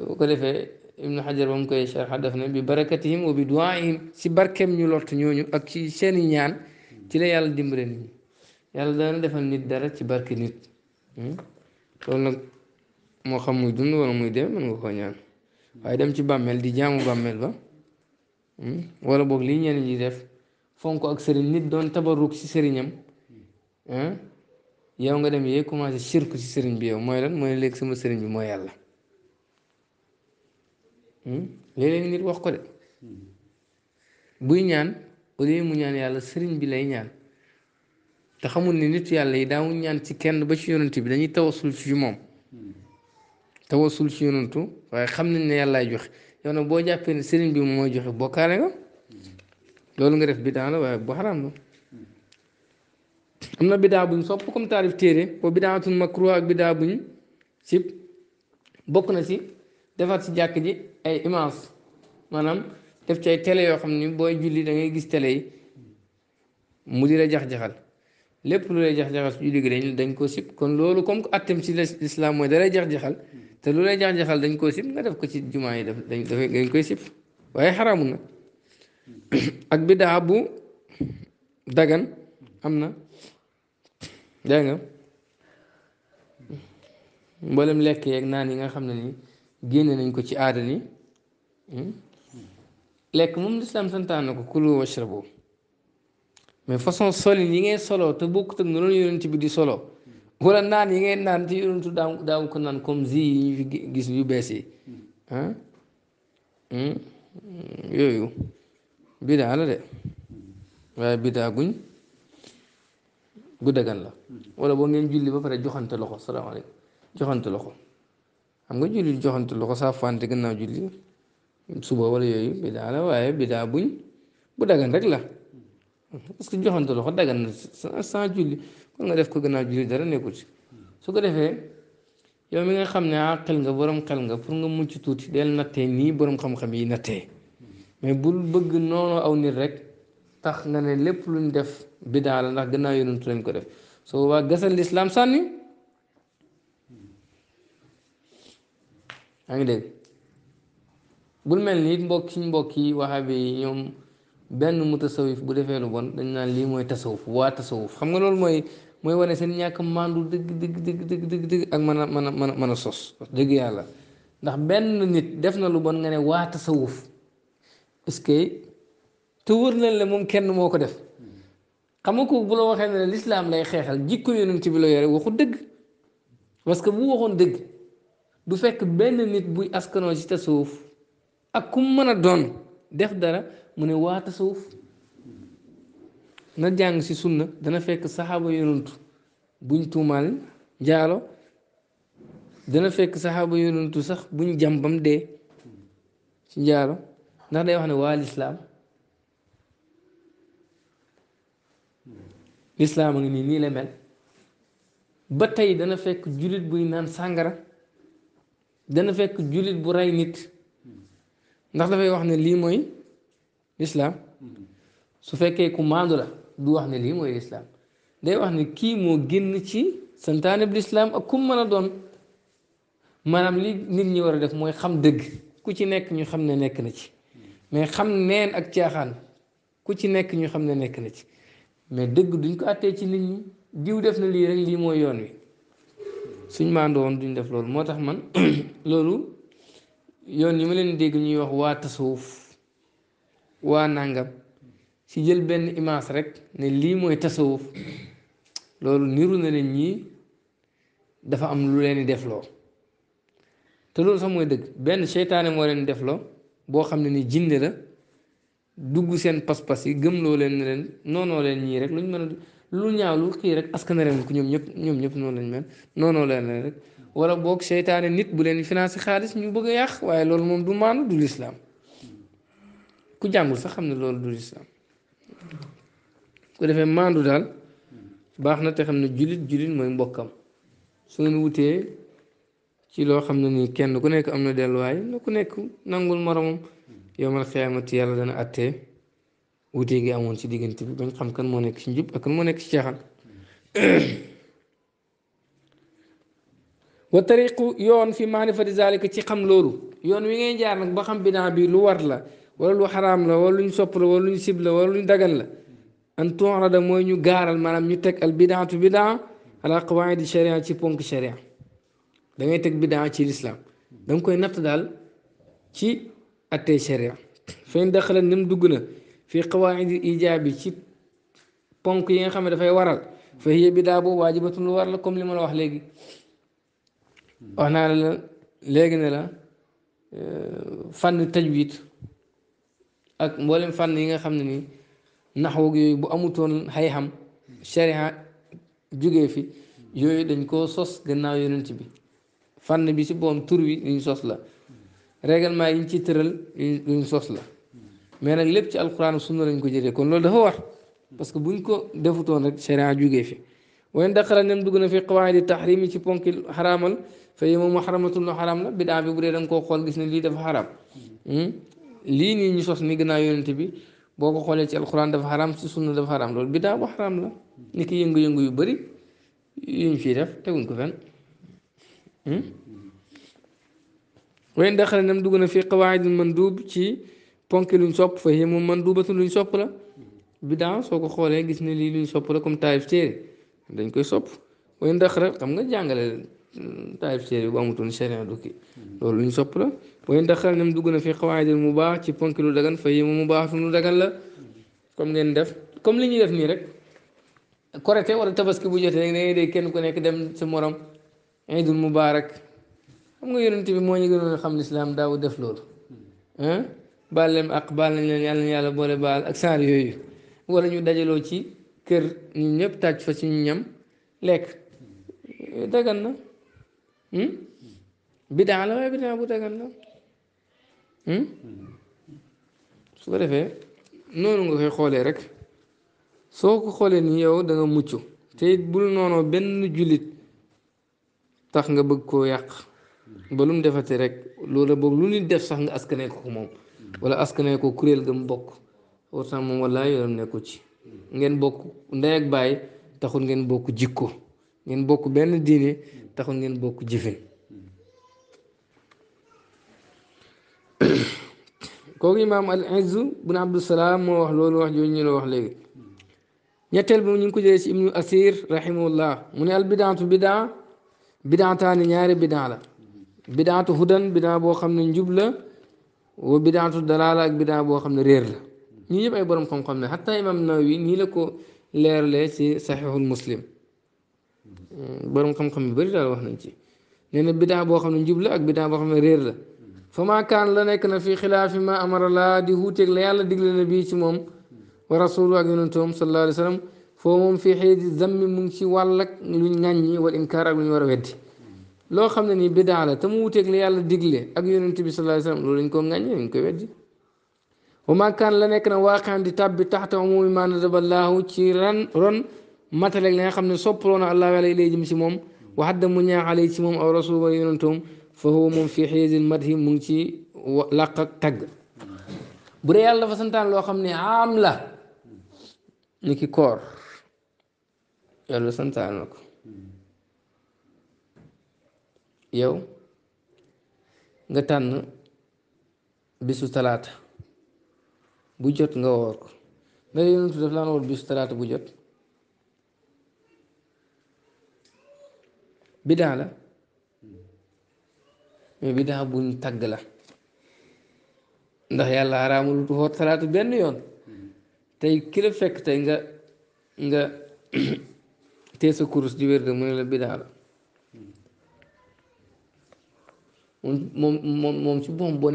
bu ko defee ibnu xajar ba mu koy sharxa def na bi barakatihim wa bi duwaayihim si barkeem ñu lott ñooñu ak ci seeni ñaan ci la yàlla dimbale nit ñi yàlla dana defal nit dara ci barke nit loolu nag moo xam muy dund wala muy dee mën nga koo ñaan waaye dem ci bàmmeel di jaamu bàmmeel ba Hmm? wala boog lii ñenn ñi def fonk ak sëriñ nit doon tabarruk ci sëriñam hmm? yow nga dem yee commencé sirku ci sëriñ bi yow mooy lan mooy léegi sama sëriñ bi mooy yàlla hmm? léeg-léeg nit wax ko de buy ñaan au mu ñaan yàlla sëriñ bi lay ñaan te xamul ni nit yàlla yi daawu ñaan ci kenn ba ci yonent bi dañuy tawasul ci moom tawasul ci yonentu waaye xam nañ ne yàllaay joxe yow nag boo jàppee ne sëriñ bi mooy joxe bokkaale nga loolu nga def bidaa la waaye bu xaraam la am na bidaa buñ sopp comme taarif téere wa bidaatun makruha ak bidaa buñ sib bokk na si defar si jàkk ji ay image maanaam def ci ay télé yoo xam ni booy julli da ngay gis tele yi mu di la jax-jaxal lépp lu lay jax-jaxal su julli gi dañ dañ ko sib kon loolu comme que attem si l'islam mooy dalay jax-jaxal te lu lay jaxjaxal dañ koy sib nga def ko ci jumaa yi def dañ dañ koy sib waaye xaramu na (coughs) ak bidaa bu dagan am na dégg nga mboolem lekk yeeg naan yi nga xam ne ni génne nañ ko ci aada ni hmm? lekk moom lislaam santaan na ko kulu washrabu mais façon solin yi ngay soloo te bokkut ak noonu yonent bi di solo wala naan yi ngeen naan ci yonentu daaw daaw ko naan comme zi ñu fi gis yu bees ah yooyu bidaa la de hmm. waaye bidaa guñ bu dagan la wala boo ngeen julli ba pare joxante loxo salaamaaleykum joxante loxo xam nga julli joxante loxo saa fante gannaaw julli suba wala yooyu bidaa la waaye bidaa buñ bu dagan rek la parce que joxante loxo dagan na sans julli nga def ko gannaaw julli dara nekkul ci su ko defee yow mi nga xam ne ah xel nga boroom xel nga pour nga mucc tuuti del nattee nii borom xam-xam yi nattee mais bul bëgg noonu aw nit rek tax nga ne lépp luñ def bi la ndax gannaaw yonentu lañ ko def soo waa gasal lislaam sànni yaa ngi dégg bul mel ni mbokk suñ mbokk yi waxaabe yi ñoom benn mutasawif bu defee lu bon dañ naan lii mooy tasawuf waa tasawuf xam nga loolu mooy mooy wane seen ñàkk mandu dëgg dëgg dëgg dëgg dëgg ak mën a mën a mën a mën a sos wax dëgg yàlla ndax benn nit def na lu bon nga ne waa tasawuf est que te wër nañ la moom kenn moo ko def xam nga ko bu la waxee ne lislaam lay xeexal jikko yonent bi la yore waxu dëgg parce que bu waxoon dëgg du fekk benn nit buy askanoo ci tasawuf ak ku mën a doon def dara mu ne waa tasawuf na jàng si sunna dana fekk saxaaba yonantu buñ tuumaal njaalo dana fekk saxaaba yonontu sax buñ jàm bam dee ci njaalo ndax day wax ne waa lislaam lislaam a ngi nii nii la mel ba tey dana fekk jullit buy naan sàngara dana fekk jullit bu rey nit ndax dafay wax ne lii mooy lislaam su fekkee ku maandu la du wax ne lii mooy lislaam day wax ne kii moo génn ci santaane bi lislaam ak kum mën a doon maanaam li nit ñi war a def mooy xam dëgg ku ci nekk ñu xam ne nekk na ci mais xam neen ak caaxaan ku ci nekk ñu xam ne nekk na ci mais dëgg duñ ko àttee ci nit ñi diw def na lii rek lii mooy yoon wi suñ maandoon duñ def loolu moo tax man (clears throat) loolu yoon yi ma leen dégg ñuy wax waa tasawuf waa nàngam si jël benn image rek ne lii mooy tasawuf loolu niru na ne ñii dafa am lu leen di defloo te loolu sax mooy dëgg benn seytaane moo leen defloo boo xam ne ni jinde la dugg seen pas-pas yi gëm loo leen ne leen noonoo leen ñii rek luñ mën a lu ñaaw lu xii rek askan na leen ko ñoom ñëpp ñoom ñëpp noonu lañ mel noonoo leen rek wala boog seytaane nit bu leen financé xaalis ñu bëgg a yàq waaye loolu moom du maanu du lislaam ku jàngul sax xam ne loolu du lislaam ko defee maandu daal baax na te xam ne jullit jullit mooy mbokkam su ngeen wutee ci loo xam ne nii kenn ku nekk am na delluwaay na ku nekk nangul moromam yomal xiyaamati yàlla dana àttee wute gi ci diggante xam kan moo nekk ci njub ak kan moo nekk ci caaxaan (clears throat) wa tariqu yoon fi maarifati zalika ci xam loolu yoon wi ngay jaar nag ba xam bidaa bi lu war la wala lu xaraam la wala lu ñu sopp la wala lu ñu sib la wala lu ñu dagan la an tuurada mooy ñu gaaral maanaam ñu teg al bidaatu bidaa ala qawaidi sharia ci ponk sharia da ngay teg bidaa ci lislaam da nga koy natt daal ci attey sharia feeñ daxala nim dugg na fii qawaidi ijaabi ci ponk yi nga xam ne dafay waral fa hiya bidaa boobu waajibatun lu war la comme li ma la wax léegi wax naa la léegi ne la fànn tajwid ak mbolem fànn yi nga xamni ni nahwu naxwu bu amutoon xay xam sharia jógee fi yoy dañ ko sos gannaaw yonent bi fànn bi ci boom tour wi yuñ sos la règlement yi ci teural yuñ sos la mais nak lépp ci alquran sunna lañ ko jëre kon lool dafa war parce que buñ ko defutoon rek shariha jugge fi wayen daqala nem dugg na fi qawaidi tahrim yi ci ponki xaraamal fa yi moom xaramatul lu xaraam la bidaa bi bu dee da nga gis ne lii dafa xaraam lii nii ñu sos ni gannaaw yonent bi boo ko xoolee ci alxuraan dafa xaraam ci sunna dafa xaraam loolu biddaa bu xaraam la ni ki yëngu-yëngu yu bari yuñ fii def teguñ ko fenn hmm? wayn daxale nam dugg na fii man mandub ci ponk luñ sopp fa yi moom mandubatun luñ sopp la biddaa soo ko xoolee gis ne lii luñ sopp la comme taarif téere dañ koy sopp wayn daxale xam nga jàngale hmm, taarif téere bu amutoon sharia du kii loolu luñ sopp la بوين دخل نم دوغنا في قواعد المباح تي بونك لو دغان فهي مباح فنو دغان لا كوم نين داف كوم لي ني داف ني رك كوريتي ولا تفسكي بو جوتي ني دي كين كو نيك ديم سي موروم عيد المبارك خمغا يونتي بي موني غنون خم الاسلام داو داف لول ها بالم اقبال ني يالا يالا بول بال اك سار يوي ولا ني داجالو تي كير ني نيب تاج فا سي نيام ليك دغان نا بدعه لا بدعه بو دغان نا Hm? su ko defee noonu nga koy xoolee rek soo ko xoolee ni yow da mucc te it bul noonoo benn jullit tax nga bëgg koo yàq ba lu mu defati rek loola boog lu nit def sax nga askanee ko moom wala askanee ko kuréel ga mu bokk pourtant moom wallaahi yoonam nekku ci ngeen bokk ndey ak baay taxul ngeen bokk jikko ngeen bokk benn diine taxul ngeen bokk jëfin (coughs) kooku imaam al izz bun abdusalaam moo wax loolu wax jooju ñu la wax léegi ñetteel bi ñu ngi ko jëlee ci ibnu asir rahimahullah mu ne al bidaatu bidaa bidaataani ñaari bidaa la bidaatu hudan bidaa boo xam ne njub la wa bidaatu dalaala ak bidaa boo xam ne réer la ñii ñëpp ay borom xam-xam ne xataa la ko leerlee ci saxiixul muslim hmm, borom xam-xam yu bëri bidaa boo xam ne njub ak bidaa boo xam ne réer la فما كان لنك في خلاف ما أمر الله دي هو تيك ليالا ديك لنبي تموم ورسول وقنونتهم صلى الله عليه وسلم فهم في حيث زمي منشي والك لنجني والإنكار أقلن ورويت لو خمدني بدا على تمو تيك ليالا ديك لي أقلن تبي صلى الله عليه وسلم لولين كوم نجني وين كويت وما كان لنك واقعا دي تابي تحت عموم ما نزب الله تيران رن مثلا لنا خمدني صبرون الله عليه ليجي مسي موم وحد منيا عليه سموم أو رسول وقنونتهم فهو من في حيز المدح منشي لاقا تاغ بو ري يالله فا سنتان لو خامني عام لا كور يالله سنتان لك يو غا تان بيسو ثلاثة بو جوت غا وور دا يونس داف لان وور بيسو mais bidaa buñ tagg la ndax yàlla xaraamul xoot salaatu benn yoon tey ki la fekk tey nga nga tee (clears throat) sa kurus di wér de mu ne ci boppam boo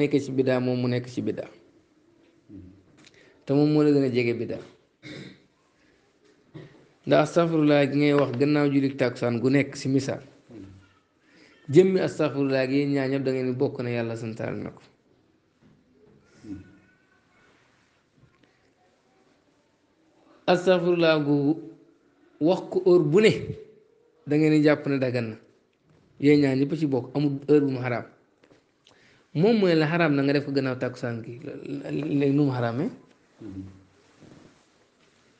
mu nekk ci bidaa te moom moo la gën a jege bidaa ndax laa gi ngay wax gannaaw jullit tàkkusaan gu nekk ci misaal jëmmi astafurlaa gi yéen ñaa ñëpp da ngeen bokk na yàlla santaane na ko astafurlaa googu wax ko heure bu ne da ngeen jàpp ne dagan na yéen ñaa ñëpp ci bokk amul heure bu mu xaraam moom mooy la xaraam na nga def ko gannaaw tàkkusaan gi léegi nu mu xaraamee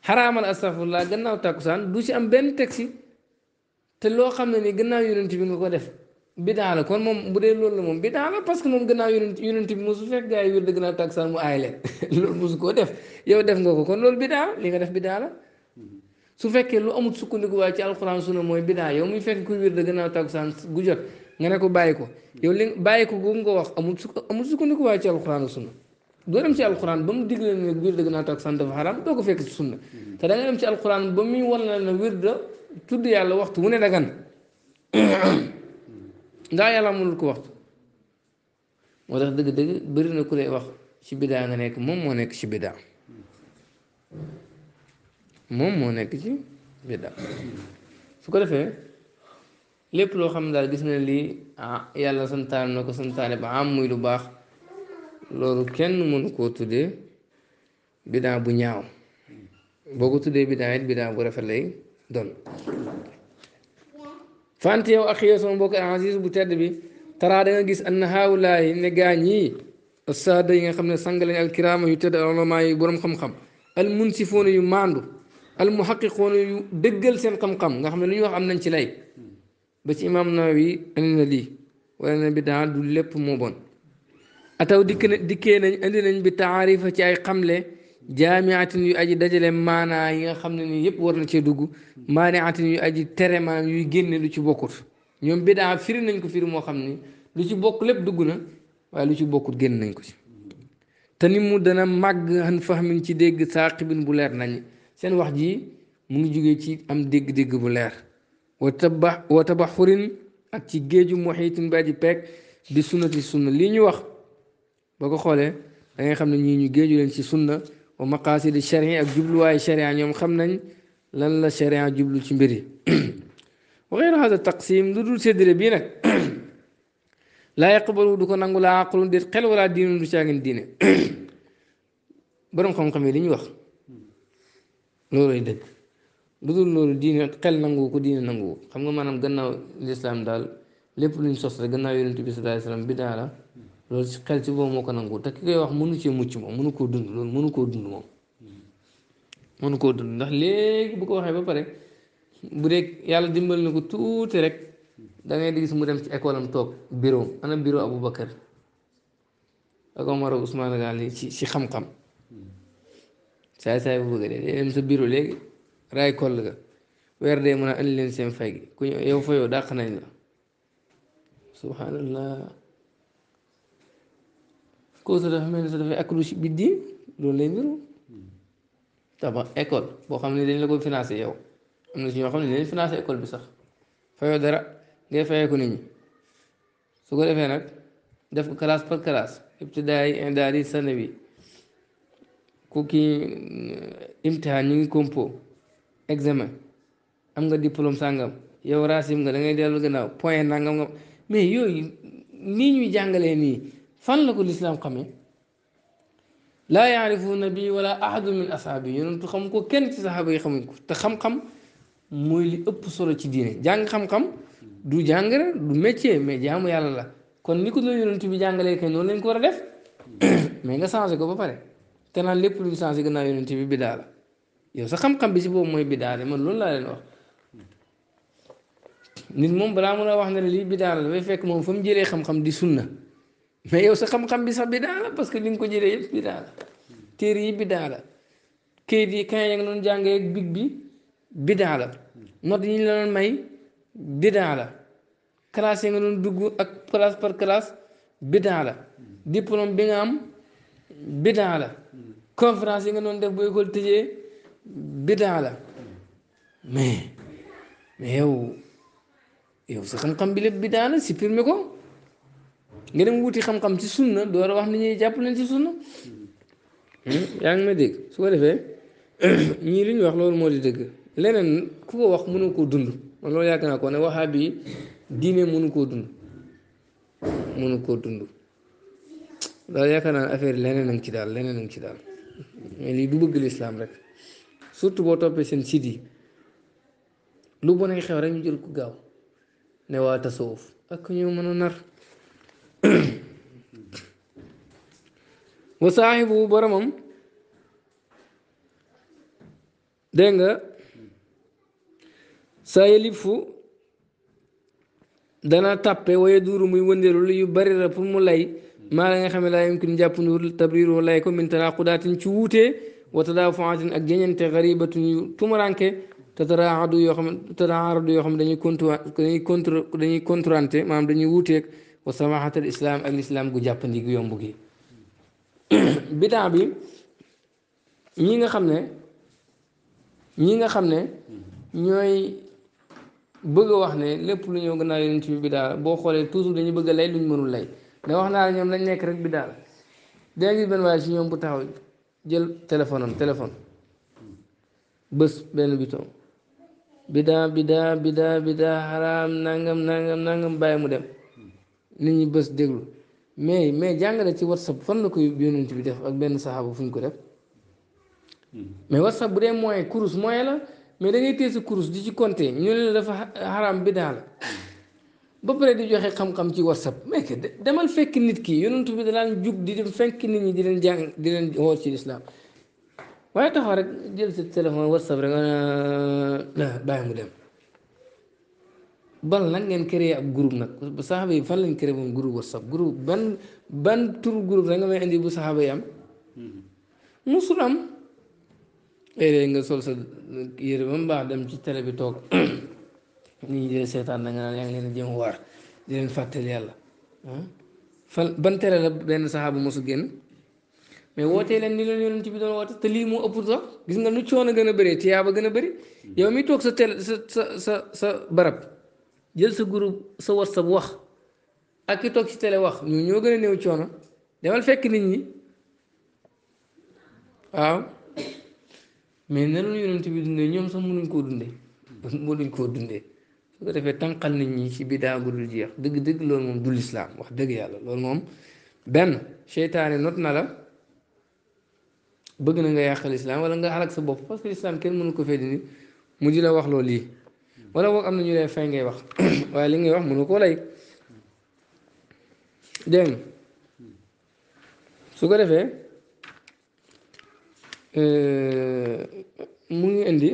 xaraamal astafurlaa gannaaw tàkkusaan du ci am benn teg taxi te loo xam ne ni gannaaw yonent bi nga ko def bidaa la kon moom bu dee loolu la moom bidaa la parce que moom gannaaw yonent yonent bi mosu fekk gars yi wér de gannaaw taksaan mu aay leen (laughs) loolu mosu koo def yow def nga ko kon loolu bidaa la li nga def bidaa la su fekkee lu amut sukkandiku waaye ci alxuraan sunna mooy bidaa yow muy fekk ku wér de gannaaw taksaan gu jot nga ne ko bàyyi ko yow li bàyyi ko boobu nga wax amul su amul sukkandiku waaye ci alxuraan sunna doo dem ci alxuraan ba mu digle ne wér de gannaaw taksaan dafa xaraam doo ko fekk ci sunna te da nga dem ci alxuraan ba muy war na ne wér da tudd yàlla waxtu wu ne dagan (coughs) ndaa yàlla mënul ko waxtu moo tax dëgg-dëgg bëri na ku lay wax ci biddaa nga nekk moom moo nekk ci biddaa moom moo nekk ci biddaa su ko defee lépp loo xam ne daal gis na lii ah, yàlla santaane na ko santaane ba am muy lu baax loolu kenn mënu koo tuddee biddaa bu ñaaw boo ko tuddee biddaa it biddaa bu rafet lay doon فانت يا اخي يا سون بوك عزيز بو تيد بي ترى دا نغا غيس ان هؤلاء ني غاني استاد ييغا خا مني سانغ لاني الكرام يو تيد علماء بروم خم خم المنصفون يو ماندو المحققون يو دغال سين خم خم غا خا مني ليو خام نانتي لاي با سي امام نووي اندينا لي ولنا بي دان دو ليب مو بون اتاو ديك ديكي ناني اندي ناني بي تعريفه تي اي خملي jaamiatin yu aji dajale maanaa yi nga xam ne nii yëpp war na cee dugg maaniatin yu aji tere maanaam yuy génne lu ci bokkut ñoom bi daa firi nañ ko firi moo xam ne lu ci bokk lépp dugg na lu ci bokkut génn nañ ko ci te ni mu dana màgg xan faxmin ci dégg saaqibin bu leer nañ seen wax ji mu ngi jógee ci am dégg-dégg bu leer wa taba wa ak ci géeju muxiitin bi aji peeg bi sunnati sunna lii ñu wax boo ko xoolee da xam ne ñii ñu géeju leen ci sunna ومقاصد الشرع أجبل واي شرع يوم خمنا لن لا شرع أجبل تنبري وغير هذا التقسيم دور سدر بينك لا يقبل دكان ولا عقل دير قل ولا دين رشاعن دينه برم خم خم يلين نور يدك دور نور دين قل نعو كدين نعو خم ما نم الإسلام دال لبلين سوسر جنا يلين تبي سدا الإسلام loolu si xel si boobu moo ko nangu te ki koy wax mënu cee mucc moom mënu koo dund loolu mënu koo dund moom mënu koo dund ndax léegi bu ko waxee ba pare bu dee yàlla dimbal na ko tuuti rek da ngay gis mu dem ci école am toog bureau ana bureau Aboubacar ak Omar ak Ousmane Gaali ci ci xam-xam saay saay bu bëgg dee dem sa bureau léegi raay koll ga weer dee mën a andi leen seen fay gi ku yow fa yow dàq nañ la subhanallah koosu dafa mel ni sa dafay accroche bi diin loolu lay tabax école boo xam ne dañ la ko financé yow am na si ñoo xam ne dañuy financé école bi sax fayoo dara ngay fayee ko nit ñi su ko defee nag def ko classe par classe ibtidaay indaari sanawi ku kii euh, imtihaan ñu ngi compo examen am nga diplôme sàngam yow racim nga da ngay dellu gannaaw point nangam nga mais yooyu nii ñuy jàngalee nii. فنلقوا الإسلام قمي لا يعرفه النبي ولا أحد من أصحابه ينم تخم كو كن تصحابه يخم كو تخم كم مول أب صورة تدينه جان خم كم دو جانغر دو ميتشي مي جام يا الله كون نيكو دو ينم تبي جانغر يكين نون ينكو رجف مين عسانس كوبا باري تنا لب لو عسانس كنا ينم تبي بدالا يوسا خم كم بيجي بو مي بدالا من لون لا ينو نين موم واحد نلي بدالا ويفك موم فم خم خم دي سنة mais yow sa xam-xam bi sa bidaa la parce que li nga ko jëlee yëpp bidaa la téere yi bidaa la kayit yi kañ ya nga doon jàngee ak big bi bidaa la notes yi ñu la doon may bidaa la classe nga doon dugg ak classe par classe bidaa la diplôme bi nga am bidaa la conférence yi nga doon def bu école tëjee bidaa la mais mais yow yow sa xam-xam bi lépp bidaa la supprimé ko. nga dem wuti xam-xam ci sunna door a wax ni ñuy jàpp leen si sunna hmm, yaa ngi ma dégg su ko defee (coughs) ñii li ñu wax loolu moo di dëgg leneen ku ko wax mënu koo dund man loolu yaakaar naa ko ne waxaa bi diine mënu koo dund mënu koo dund daal yaakaar naa affaire leneen a ngi ci daal leneen a ngi ci daal mais lii du bëgg lislaam rek surtout boo toppee seen site yi lu bon xew rek ñu jël ku gaaw ne waa tasawuf ak ñoo mën a nar wa saaxibu boromam dégg nga sa yëlifu dana tàppe waye duuru muy wëndeelul yu bari la pour mu lay maa la nga xam ne laa yumkin jàpp nduur lay ko min tanaqudaatin ci wuutee wa tadaafuaatin ak jeñante xaribatun yu tumaranke te taraadu yoo xam taraadu yoo xam dañuy contre dañuy contre dañuy contrante maanaam dañuy wuuteeg wa samaaxatal islaam ak lislaam gu jàppandi gu yombu gi (clears throat) bidaa bi ñi nga xam ne ñi nga xam ne ñooy bëgg wax ne lépp lu ñëw gannaaw yonent bi bidaa la boo xoolee toujours dañu bëgg a lu luñ mënul lay da wax naa la ñoom lañ nekk rek bidaa la dégg gis benn waaye si ñoom bu taxaw jël téléphone am téléphone bés benn biton bidaa bidaa bidaa bidaa xaraam nangam nangam nangam bàyyi mu dem nit ñi bés déglu mais mais jàngale ci whatsapp fan la koy yonent bi def ak benn saxaaba fu ñu ko def mais whatsapp bu dee moyen kurus moyen la mais da ngay sa kurus di ci compter ñu ne la dafa xaraam bidaa la ba pare di joxe xam-xam ci whatsapp mais que demal fekk nit ki yonent bi daan jug di dem fekk nit ñi di leen jàng di leen woor ci lislaam waaye taxaw rek jël sa téléphone whatsapp rek nga bàyyi mu dem. ban lan ngeen créé ab group nag saxaaba yi fan lañ créé moom groupe whatsapp groupe ban ban tur groupe da nga may indi bu saxaaba yi am mm-hmm. musul am léeg nga sol sa yére ba mu baax dem ci télé bi toog ñu (clears throat) ñi di seetaan da nga naan yaa ngi leen jëm waar leen fàttali yàlla ah. fan ban télé la benn saxaaba mosu génn mais wootee leen ni leen ci bi doon woote te lii moo ëpp sax gis nga nu a gën a bëree tiyaaba gën a bari mm-hmm. yow mi toog sa télé sa sa sa sa barab jël sa groupe sa whatsapp wax ak ki toog ci télé wax ñu ñoo gën a néew coono demal fekk nit ñi waaw mais ne loolu yonent bi dundee ñoom sax mënuñ koo dundee mënuñ koo dundee su defee tànqal nit ñi ci bidaa gu dul jeex dëgg dëgg loolu moom lislaam wax dëgg yàlla loolu moom benn seytaane not na la bëgg na nga yàq lislaam wala nga xalak sa bopp parce que lislaam kenn mënu ko fee dindi mu di la wax loolu lii wala woo am na ñu lay fay ngay wax (clears throat) waaye li ngay wax mënu koo lay dégg nga su ko defee euh, mu ngi indi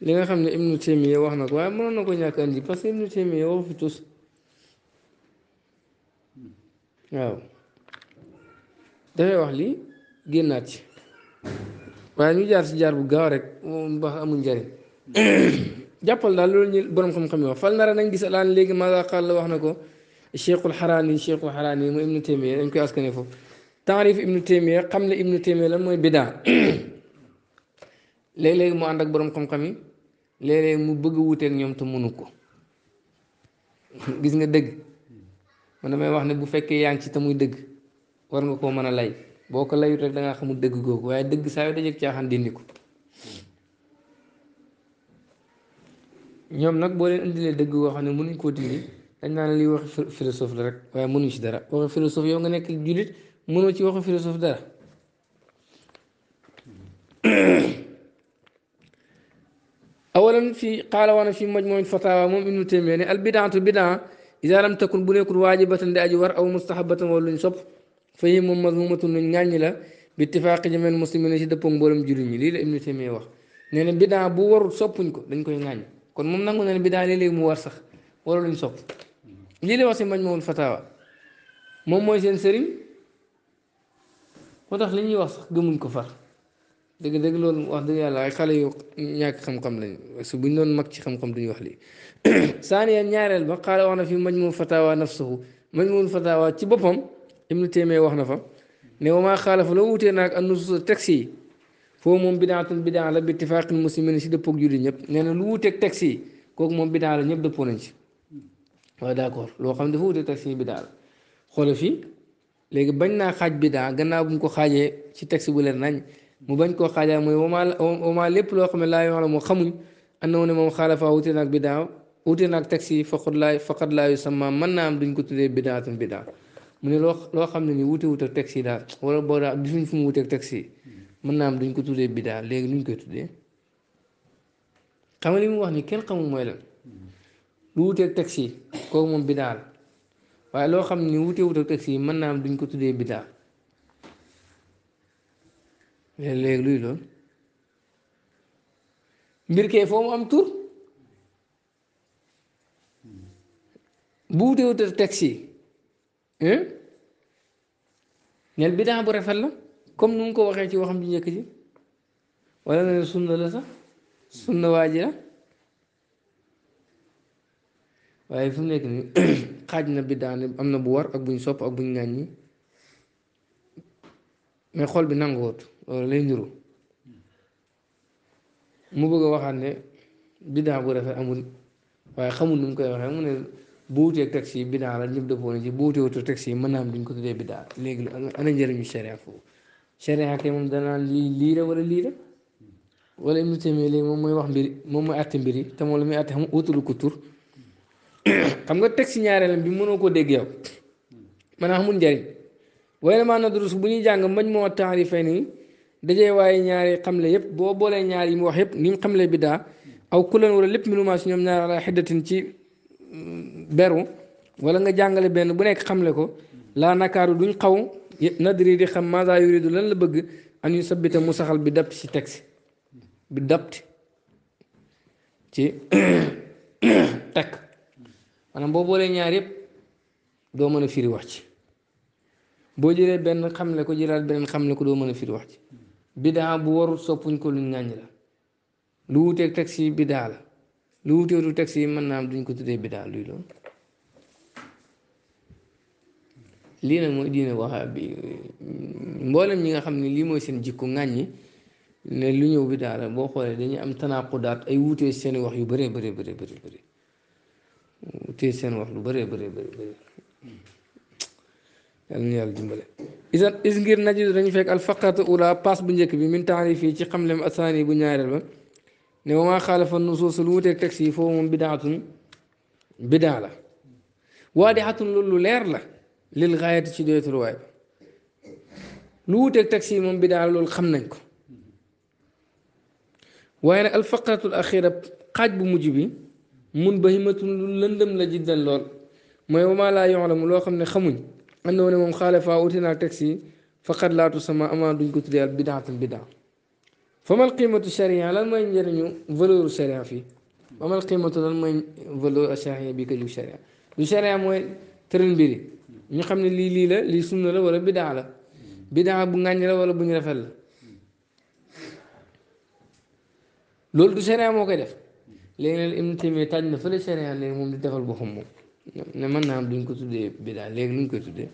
li nga xam ne Ibnu Taymiya wax na ko waaye mënoon na ko ñàkk indi parce que Ibnu Taymiya waxu fi tus waaw dafay wax li génnaat ci waaye ñu jaar si jaar bu gaaw rek moom baax amul njariñ (clears throat) jàppal daal loolu ñu borom xam-xam yi wax fal nara nañ gis alaan léegi maa qaal la wax na ko cheikhul xaraani cheikhul xaraani mu ibnu téeméer dañ koy askane foofu taarif ibnu téeméer xam ne ibnu téeméer lan mooy bidaa léeg-léeg mu ànd ak borom xam-xam yi léeg-léeg mu bëgg wuuteeg ñoom te mënu ko gis nga dëgg man damay wax ne bu fekkee yaa ngi ci te muy dëgg war nga koo mën a lay boo ko layut rek da ngaa xamul dëgg googu waaye dëgg saa yoo dajeeg caaxaan dindi ko ñoom nag boo leen indilee dëgg goo xam ne mënuñ ko dindi dañ naan li wax philosophe la rek waaye mënuñ ci dara waxe philosophe yow nga nekk julit mënoo ci waxe philosophe dara awalan fi qala wana fi majmuuc fatawa mom ibn taymiya ne al bid'atu bidaa idaa lam takun bu nekkul wajibatan di aji war aw mustahabatan wala luñ sopp fa yi mom mazmumatun luñ ŋàññi la bi ittifaq jameen muslimin ci deppum mboolem julit ñi li la ibn taymiya wax nee bid'a bu warul sopuñ ko dañ koy ŋàññ kon moom nangu na ne bidaa léeg-léeg mu war sax wala luñ sopp lii la wax si Majmuul Fatawa moom mooy seen sëriñ moo tax li ñuy wax sax gëmuñ ko far dëgg-dëgg loolu wax dëgg yàlla ay xale yu ñàkk xam-xam lañu su buñ doon mag ci xam-xam duñu wax lii saaniya ñaareel ba xaala wax na fi Majmuul Fatawa nafsuhu Majmuul Fatawa ci boppam Ibnu Taymiya wax na fa ne wa maa xaalafa loo wutee naag ak nusuus texte yi foofu moom bidaatul bidaa la bi ittifaaqil muslimin si dëppoog jullit ñëpp nee loo xam ne dafa wuuteeg taxi yi bidaa la xoolal fii léegi bañ naa xaaj bidaa gannaaw bu mu ko xaajee ci taxi bu leer nañ mu bañ koo xaajaa mooy wama wama lépp loo xam ne laa yoo la moo xamuñ annahu ne moom xaalafa wute naag bidaa wute naag taxi faqat laa faqat laa yusamma mën naa am duñ ko tuddee bidaatun bidaa mu ne loo loo xam ne ni wute wuuteeg taxi daal wala mën naa am duñ ko tuddee bidaa léegi luñ koy tuddee xam nga li mu wax ni kenn xamul mooy la lu wuteeg taxi kooku moom bidaa la waaye loo xam ni wutee wuteeg taxi yi mën naa am duñ ko tuddee bidaa léegi luy loolu mbir kay foo mu am tur bu wutee wuteeg taxi neel bidaa bu rafet la. comme nu mu ko waxee ci waxam ji njëkk ji wala na sunna la sax sunna waa ji la waaye fi nekk nii (clears throat) xaaj na biddaa ne am na bu war ak buñ sopp ak buñ ŋàññi mais xol bi nangoot loolu lay niru mu bëgg a waxaat ne biddaa bu rafet amul waaye xamul nu mu koy waxee mu ne bu wutee taxi yi biddaa la ñëpp dëppoo na ci bu wutee wutu taxi yi mën naa am duñ ko tuddee biddaa léegi ana njëriñu sharia foofu Cheikh Hakim danaa lii liira wala liira wala Ibnu Taymiya moom mooy wax mbiri moom mooy àtte mbiri te moom la muy àtte xam utalu ko tur (coughs) xam nga teg si ñaareelam bi mënoo koo dégg yow maanaam xamul njariñ waaye na durus bu ñuy jàng mañ moo taarifee nii dajee waaye ñaari xamle yëpp boo boolee ñaar yi mu wax yëpp ni mu xamle bidaa aw kulan wala lépp mi maa si ñoom ñaar ala xiddatin ci mm, beru wala nga jàngale benn bu nekk xamle ko laa nakaaru duñ xaw nadri di xam masaa maasa yuridu lan la bëgg an yu sabita mu saxal bi dapt ci taxi bi dapt ci (coughs) takk maanaam boo boolee ñaar yëpp doo mën a firi wax ci boo jëlee benn xam xamle ko jëlaat xam xamle ko doo mën a fiir wax ci bidaa bu warul soppuñ ko luñ ŋàññ la lu wuteeg taxi yi bidaa la lu wuteeru taxi yi mën naa am duñ ko tuddee bidaa luy loolu lii nag mooy diine waxa bi mboolem ñi nga xam ne lii mooy seen jikko ñi ne lu ñëw bi daal boo xoolee dañuy am tanaaqudaat ay wutee seen wax yu bëree bëree bëri bëri bëri wutee seen wax lu bëree bëree bëri bëri is ngir najidu dañu fekk alfaqatu ula paas bu njëkk bi min taarif yi ci xamlem asaani bu ñaareel ba ne wamaa xaalafa nusuus lu wutee texte yi foofu moom bidaatun bidaa la waadixatun loolu lu leer la للغاية في دولة الرواية لوتك تكسي من بدعة لول خمنانكو وين الفقرة الأخيرة قد بمجيبي من بهمة لندم لجدا لول ما يوما لا يعلم لو خمنا خمون أنه من مخالفة أوتنا تكسي فقد لا تسمى أما دون كتر البدعة البدعة فما القيمة الشريعة لما ينجرنيو فلور الشريعة فيه وما القيمة لما ينجرنيو فلور الشريعة بكل الشريعة الشريعة موين ترنبيري ñu xam ne lii lii la lii sunna la wala bidaa la bidaa bu ngàññ la wala bu ñu rafet la loolu du sharia moo koy def léegi nag Ibn Taymiya tàj na fële sharia léegi moom di defal boppam moom ne mën naa duñ ko tuddee bidaa léegi nuñ koy tuddee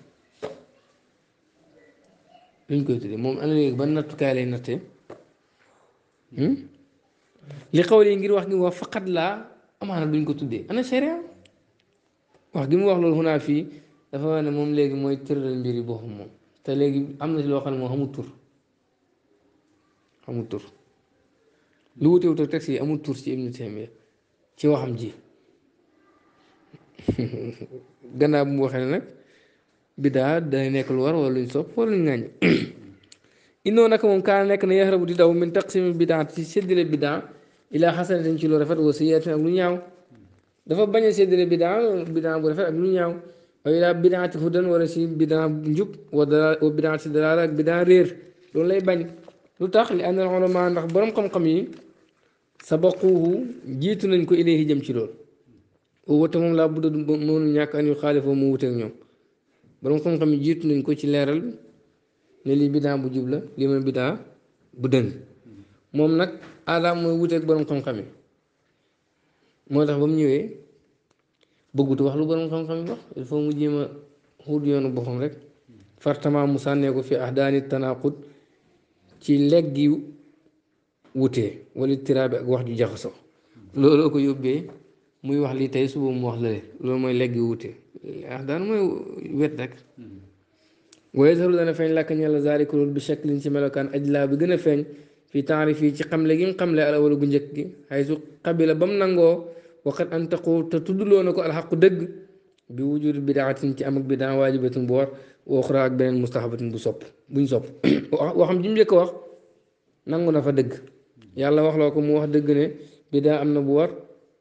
luñ koy tuddee moom ana léegi ban nattukaay lay nattee li xaw lii ngir wax ni wax faqat laa amaana duñ ko tuddee ana sharia wax gi mu wax loolu xunaa fii dafa wax ne moom léegi mooy tëral mbir yi boppam moom te léegi am na ci loo xam ne moom amul tur amul tur lu wute wute texte yi amul tur ci Ibnu Taymiya ci waxam ji (laughs) gannaaw bu mu waxee nag biddaa day nekk lu war wala luñ sopp wala luñ ngàññ (coughs) innoo naka moom kaa nekk na bu di daw min taqsimi biddaa ci séddale biddaa ilaa xasanatin ci lu rafet wa sayyi'atin ak lu ñaaw dafa bañ a séddale biddaa biddaa bu rafet ak lu ñaaw ويلا بدعات هدن ورسيم بدعة جب وبدعة دلالة بدعة رير لون لي بني لتخ لأن العلماء نخبرهم كم قمي سبقوه جيت ننكو إليه جم شلول هو تمام لابد من يك أن يخالف موت نيوم برم كم قمي جيت ننكو شلول نلي بدعة بجبلة لمن بدعة بدن مم نك ألا موت برم كم قمي ما تخبرني إيه bëggutu wax lu borom xam-xam yi wax il faut mu jéem xuut yoonu boppam rek fartama mu sànnee ko fi ahdaani tanaqud ci leggi wutee wala tiraabi ak wax ju jaxasoo looloo ko yóbbee muy wax lii tey suba mu wax la loolu mooy leggi wute ahdaan mooy wet rek waaye sax dana feeñ làkk ñàlla zaariku loolu bi shaklin ci melokaan aj laa bi gën a feeñ fi taarif yi ci xam xamle gi mu xamle alawalu gu njëkk gi xay su xabila ba mu nangoo waqat an taqoo te tuddloo na ko alxaqu dëgg bi wujud bidaatin ci am ak bidaa waajibatin bu war waxra ak beneen mustahabatin bu sopp buñ sopp (coughs) waxam ji mu njëkk wax nangu na fa dëgg yàlla wax loo ko mu wax dëgg ne bidaa am na bu war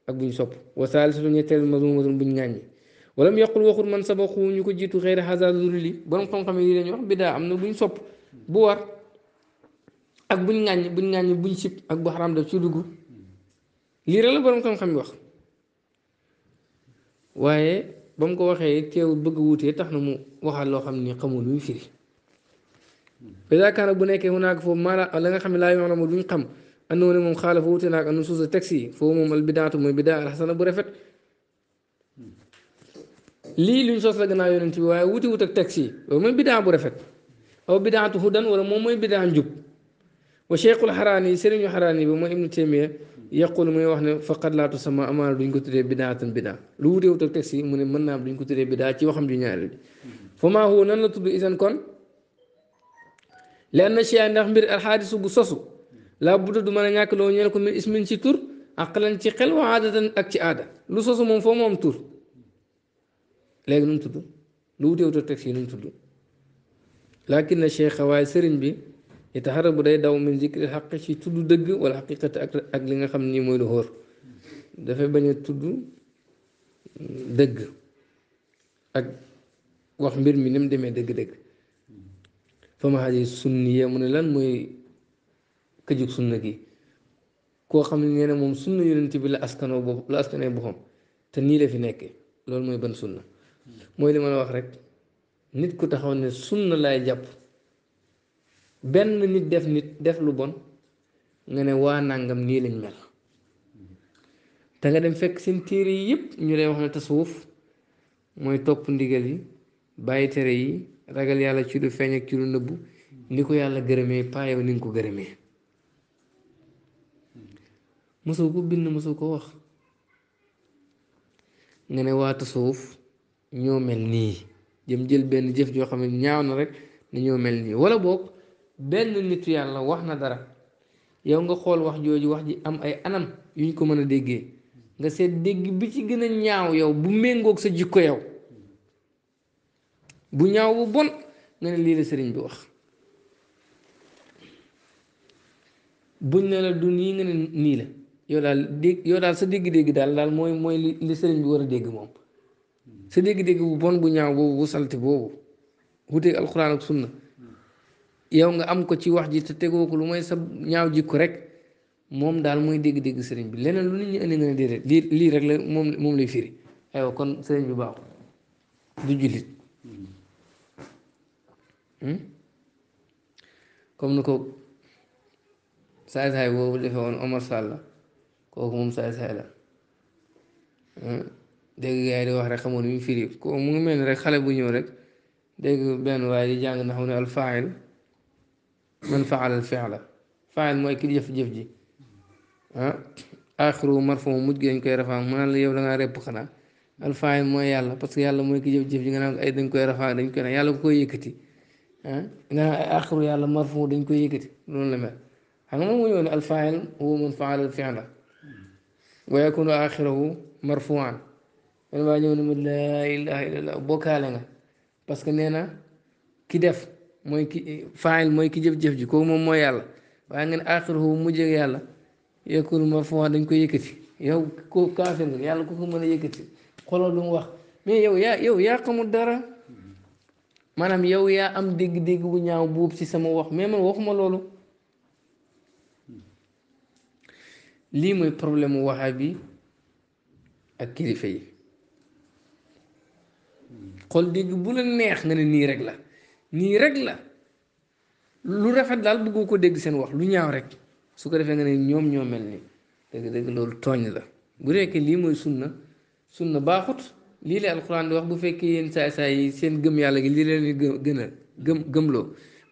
ak buñ sopp wa saalisatu ñetteel mazmumatun buñ ŋàññi walam yaqul waxul man sabaxu ñu ko jiitu xëyri xasa li borom xam-xam yi dañuy wax am na buñ sopp bu ak buñ ŋàññi buñ ŋàññi buñ sib ak bu xaraam def ci dugg lii rek la borom xam-xam yi wax waaye ba mu ko waxee teewul bëgg wuutee tax na mu waxal loo xam ni xamul muy firi basaakaana bu nekkee hunaaka foofu mala la nga xam ne laa yoon ma duñ xam andoona moom xaala fa wuute naak anu suusa taxi yi foofu moom al bidaatu mooy bidaa al alxasana bu rafet lii luñ sos la gannaaw yonent bi waaye wuti wut ak taxi yi loolu mooy bidaa bu rafet aw bidaatu hudan wala moom mooy bidaa njub wa cheikhul xaraani yi sëriñu xaraani bi mooy ibnu téemiya يقول من يوحنا فقد لا تسمى أمانة دون كتير بناء بناء لودي وتكسي من منا دون كتير بناء تي وهم دنيا فما هو نن تبي إذن كن لأن شيء عند خمر الحادث بسوسو لا بد دمنا يأكل ونيل كم اسم من شتور أقل أن تقل وعادة أكتي عادة لسوسو من فما أم تور لكن نن تبي لودي وتكسي نن تبي لكن الشيخ خواي سرنبي بي يتحرك بداية داو من ذكر الحق شي تدو دق والحقيقة أك لنا خمني موي لهور دفع بني تدو دق أك وخمير من نم دمي دق دق فما هذه السنية من لان موي كجوك سنة كي كو خمني نينا موم سنة يننتي بلا أسكنو بو لا أسكنو بوهم تنيي لا في نيكي لول موي بن سنة موي لي مانا واخ رك نيت كو تاخاو ني سنة لاي جاب benn nit def nit def lu bon nga ne waa nangam nii lañ mel te nga dem fekk seen téere yi yëpp ñu lay wax ne tasawuf mooy topp ndigal yi bàyyi tere yi ragal yàlla ci lu feeñ ak ci lu nëbbu ni ko yàlla gërëmee paayow ni nga ko gërëmee mosoo ko bind mosoo ko wax nga ne waa tasawuf ñoo mel nii jëm jël benn jëf joo xam ne ñaaw na rek ne ñoo mel nii walla boog benn nitu yàlla wax na dara yow nga xool wax jooju wax ji am ay anam yuñ ko mën a déggee nga seet dégg bi ci gën a ñaaw yow bu méngoog sa jikko yow bu ñaaw bu bon nga ne lii la sëriñ bi wax buñ ne la du nii nga ne nii yow daal dégg yow daal sa dégg-dégg daal daal mooy mooy li sëriñ bi war a dégg moom sa dégg-dégg bu bon bu ñaaw boobu bu salti boobu wuteeg alxuraan ak sunna yow nga am ko ci wax ji te tegoo ko lu mooy sa ñaaw jikko rek moom daal mooy dégg-dégg sëriñ bi leneen lu nit ñi indi nga ne lii lii rek la moom moom lay firi aywa kon sëriñ bi baaxul du jullit hmm? comme ko saay saay boobu woon Omar Sall kooku moom saay saay la hmm? dégg gaa yi di wax rek xamoon ni ñu firi ko mu ngi mel ni rek xale bu ñëw rek dégg benn waaye di jàng ndax mu ne alfaayil من فعل الفعل فاعل موي كي جف جف جي اخر مرفوع مدجن كي رفع من لي يولا ريب خنا الفاعل موي يالا باسكو يالا موي كي جف جف جي نان اي دنجكو رفع دنجكو نان يالا كو ييكتي ها انا اخر يالا مرفوع دنجكو ييكتي نون لا مال حنا مو يون الفاعل هو من فعل الفعل ويكون اخره مرفوعا الواجب من لا اله الا الله بوكالنا باسكو نينا كي mooy ki faayil mooy ki jëf-jëf ji kooku moom mooy yàlla waaye ngeen aaxiruhu mujj ak yàlla yekkul ma foo dañ koy yëkkati yow ko kaafir nga yàlla ku ko mën a yëkkati xoolal lu mu wax mais yow yaa yow yaa xamul dara maanaam yow yaa am dégg-dégg bu ñaaw buub ci sama wax mais man waxuma loolu lii mooy problème mu waxa bi ak kilifa yi xool dégg bu la neex nga ne nii rek la. nii rek la lu rafet daal bëggoo ko dégg seen wax lu ñaaw rek su ko defee nga ne ñoom ñoo mel ni dëgg-dëgg loolu tooñ la bu rekkee lii mooy sunna sunna baaxut lii la alquran di wax bu fekkee yéen saay saay yi seen gëm yàlla gi lii leen di gën a gëm gëmloo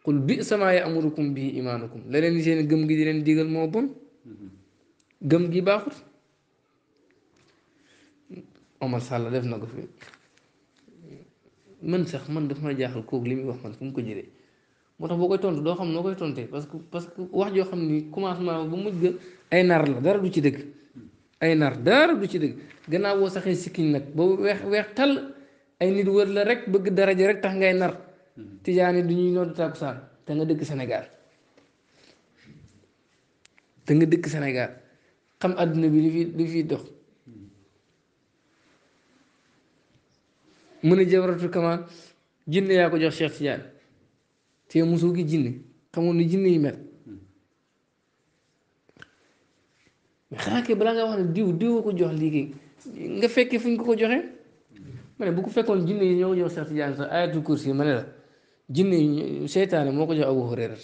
qul bi sama ya'murukum bi imaanukum la leen seen gëm gi di leen digal moo bon gëm gi baaxut Omar Sall def na ko fi man sax man daf may jaaxal kooku li muy wax man fu mu ko jëlee moo tax boo koy tontu doo xam noo koy tontee parce que parce que wax joo xam ni commencement bu mujj ga ay nar la dara du ci dëgg ay nar dara du ci dëgg gannaaw boo saxee sikkiñ nag ba weex weex tal ay nit wër la rek bëgg daraja rek tax ngay nar mm-hmm. tijaani du ñuy nodd takkusaan te nga dëkk Sénégal te nga dëkk Sénégal xam àdduna bi li fi li fi dox mu ne jabaratu kamal jinne yaa ko jox Cheikh Tidiane te mosoo gi jinne xamoon ni jinne yi mel mais xanaa kay balaa ngay wax ne diw diw ko jox lii nga fekkee fu ñu ko ko joxee mane ne bu ko fekkoon jinne yi ñoo ko jox Cheikh Tidiane sax ayatul ma ne la jinne moo ko jox Abu Hurayra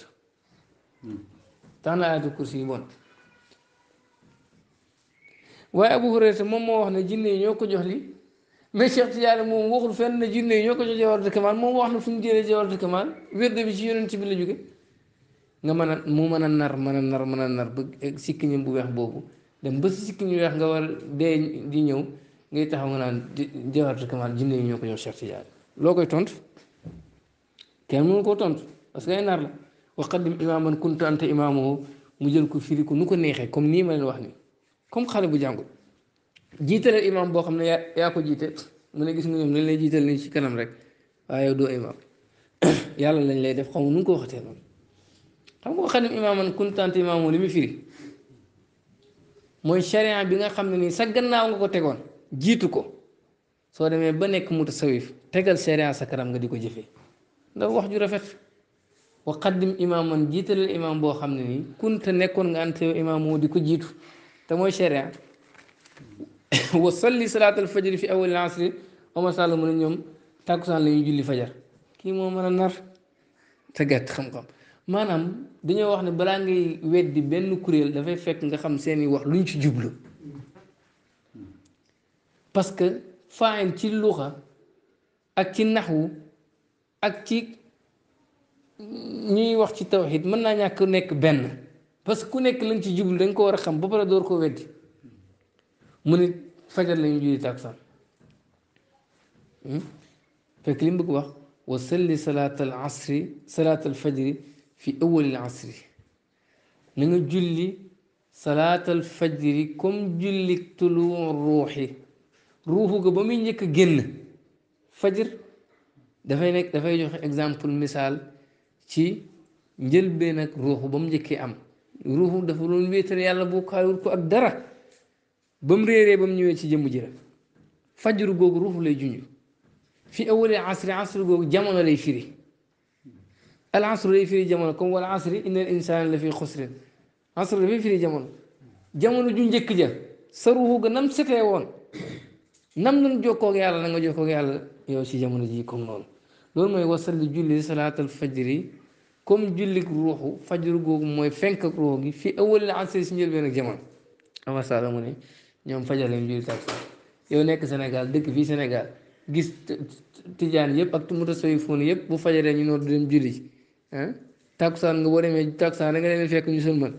tax na ayatul kursi yi bon waaye Abu Hurayra moom moo wax ne jinne yi ñoo ko jox lii mais Cheikh Tidiane moom waxul fen na jinne yi ñoo ko jox jawaratul kamal moom wax na fu mu jëlee jawaratul kamal wérde bi ci yonent bi la jóge nga mën a mën a nar mën a nar mën a nar ba sikkiñam bu weex boobu dem ba si sikkiñu weex nga war dee di ñëw ngay taxaw nga naan jawaratul kamal jinne yi ñoo ko jox Cheikh Tidiane loo koy tontu kenn mënu koo tontu parce que ay nar la waqadim man kunta anta imaamoo mu jël ko firi ko nu ko neexee comme nii ma leen wax nii comme xale bu jàngul jiitaleel imaam boo xam ne yaa ko jiite mu ne gis nga ñoom lañ lay jiital nii ci kanam rek waaye doo imaam (coughs) yàlla lañ lay def xaw ma nu ko waxatee noonu xam nga kontaan imaam li muy mooy sharia bi nga xam ne nii sa nga ko tegoon jiitu ko soo demee ba nekk mutasawif tegal sharia sa kanam nga di ko jëfee ndax wax ju rafet wa xaddim imaam man jiitaleel imaam boo xam ne nii kunta nekkoon nga ante imaam moo di ko jiitu te mooy sharia (laughs) wa salli salaatal fajri fi awal asri Omar Sall mu ne ñoom tàkkusaan la ñuy julli fajar kii moo mën a nar te gàtt xam-xam maanaam dañoo wax ne balaa ngay weddi benn kuréel dafay fekk nga xam seeni wax luñ ci jublu parce que faayin ci luuxa ak ci naxwu ak ci ñuy wax ci tawxid mën naa ñàkk nekk benn parce que ku nekk lañ ci jublu dañ ko war a xam ba pare door ko weddi mu ne fajal lañu julli takkusaan fekk li mu bëgg wax wa salli salaat al asri salaat al fajri fi awwal al asri na nga julli salaat al fajri comme julli tulu ruuxi ruuxu ga ba muy njëkk a génn fajr dafay nekk dafay joxe exemple misaal ci njëlbeen ak ruuxu ba mu njëkkee am ruuxu dafa doon wéetal yàlla boo kaayul ko ak dara bam mu bam ñëwé ci jëm ji rek fajr gogu ruuf lay juñu fi awali asr asr gogu jamono lay firi al asr lay firi jamono comme wal asr inna al insana la fi khusr asr lay firi jamono jamono ju njëkk ja saruhu ga nam setee won nam nu nan ak yàlla nga nga ak yàlla yow ci jamono ji comme noonu loolu mooy wasalli julli salaatal fajri comme jullik ruuxu fajru googu mooy fenk ak ruux gi fi awali asri si njëlbeen ak jamono ama sala mu ñoom fajal mbir tax yow nekk Sénégal dëkk fii Sénégal gis tijaan yëpp ak fon yëpp bu fajalee ñu noor dem jiri ah takkusaan nga boo demee takkusaan nga leen fekk ñu sëlmal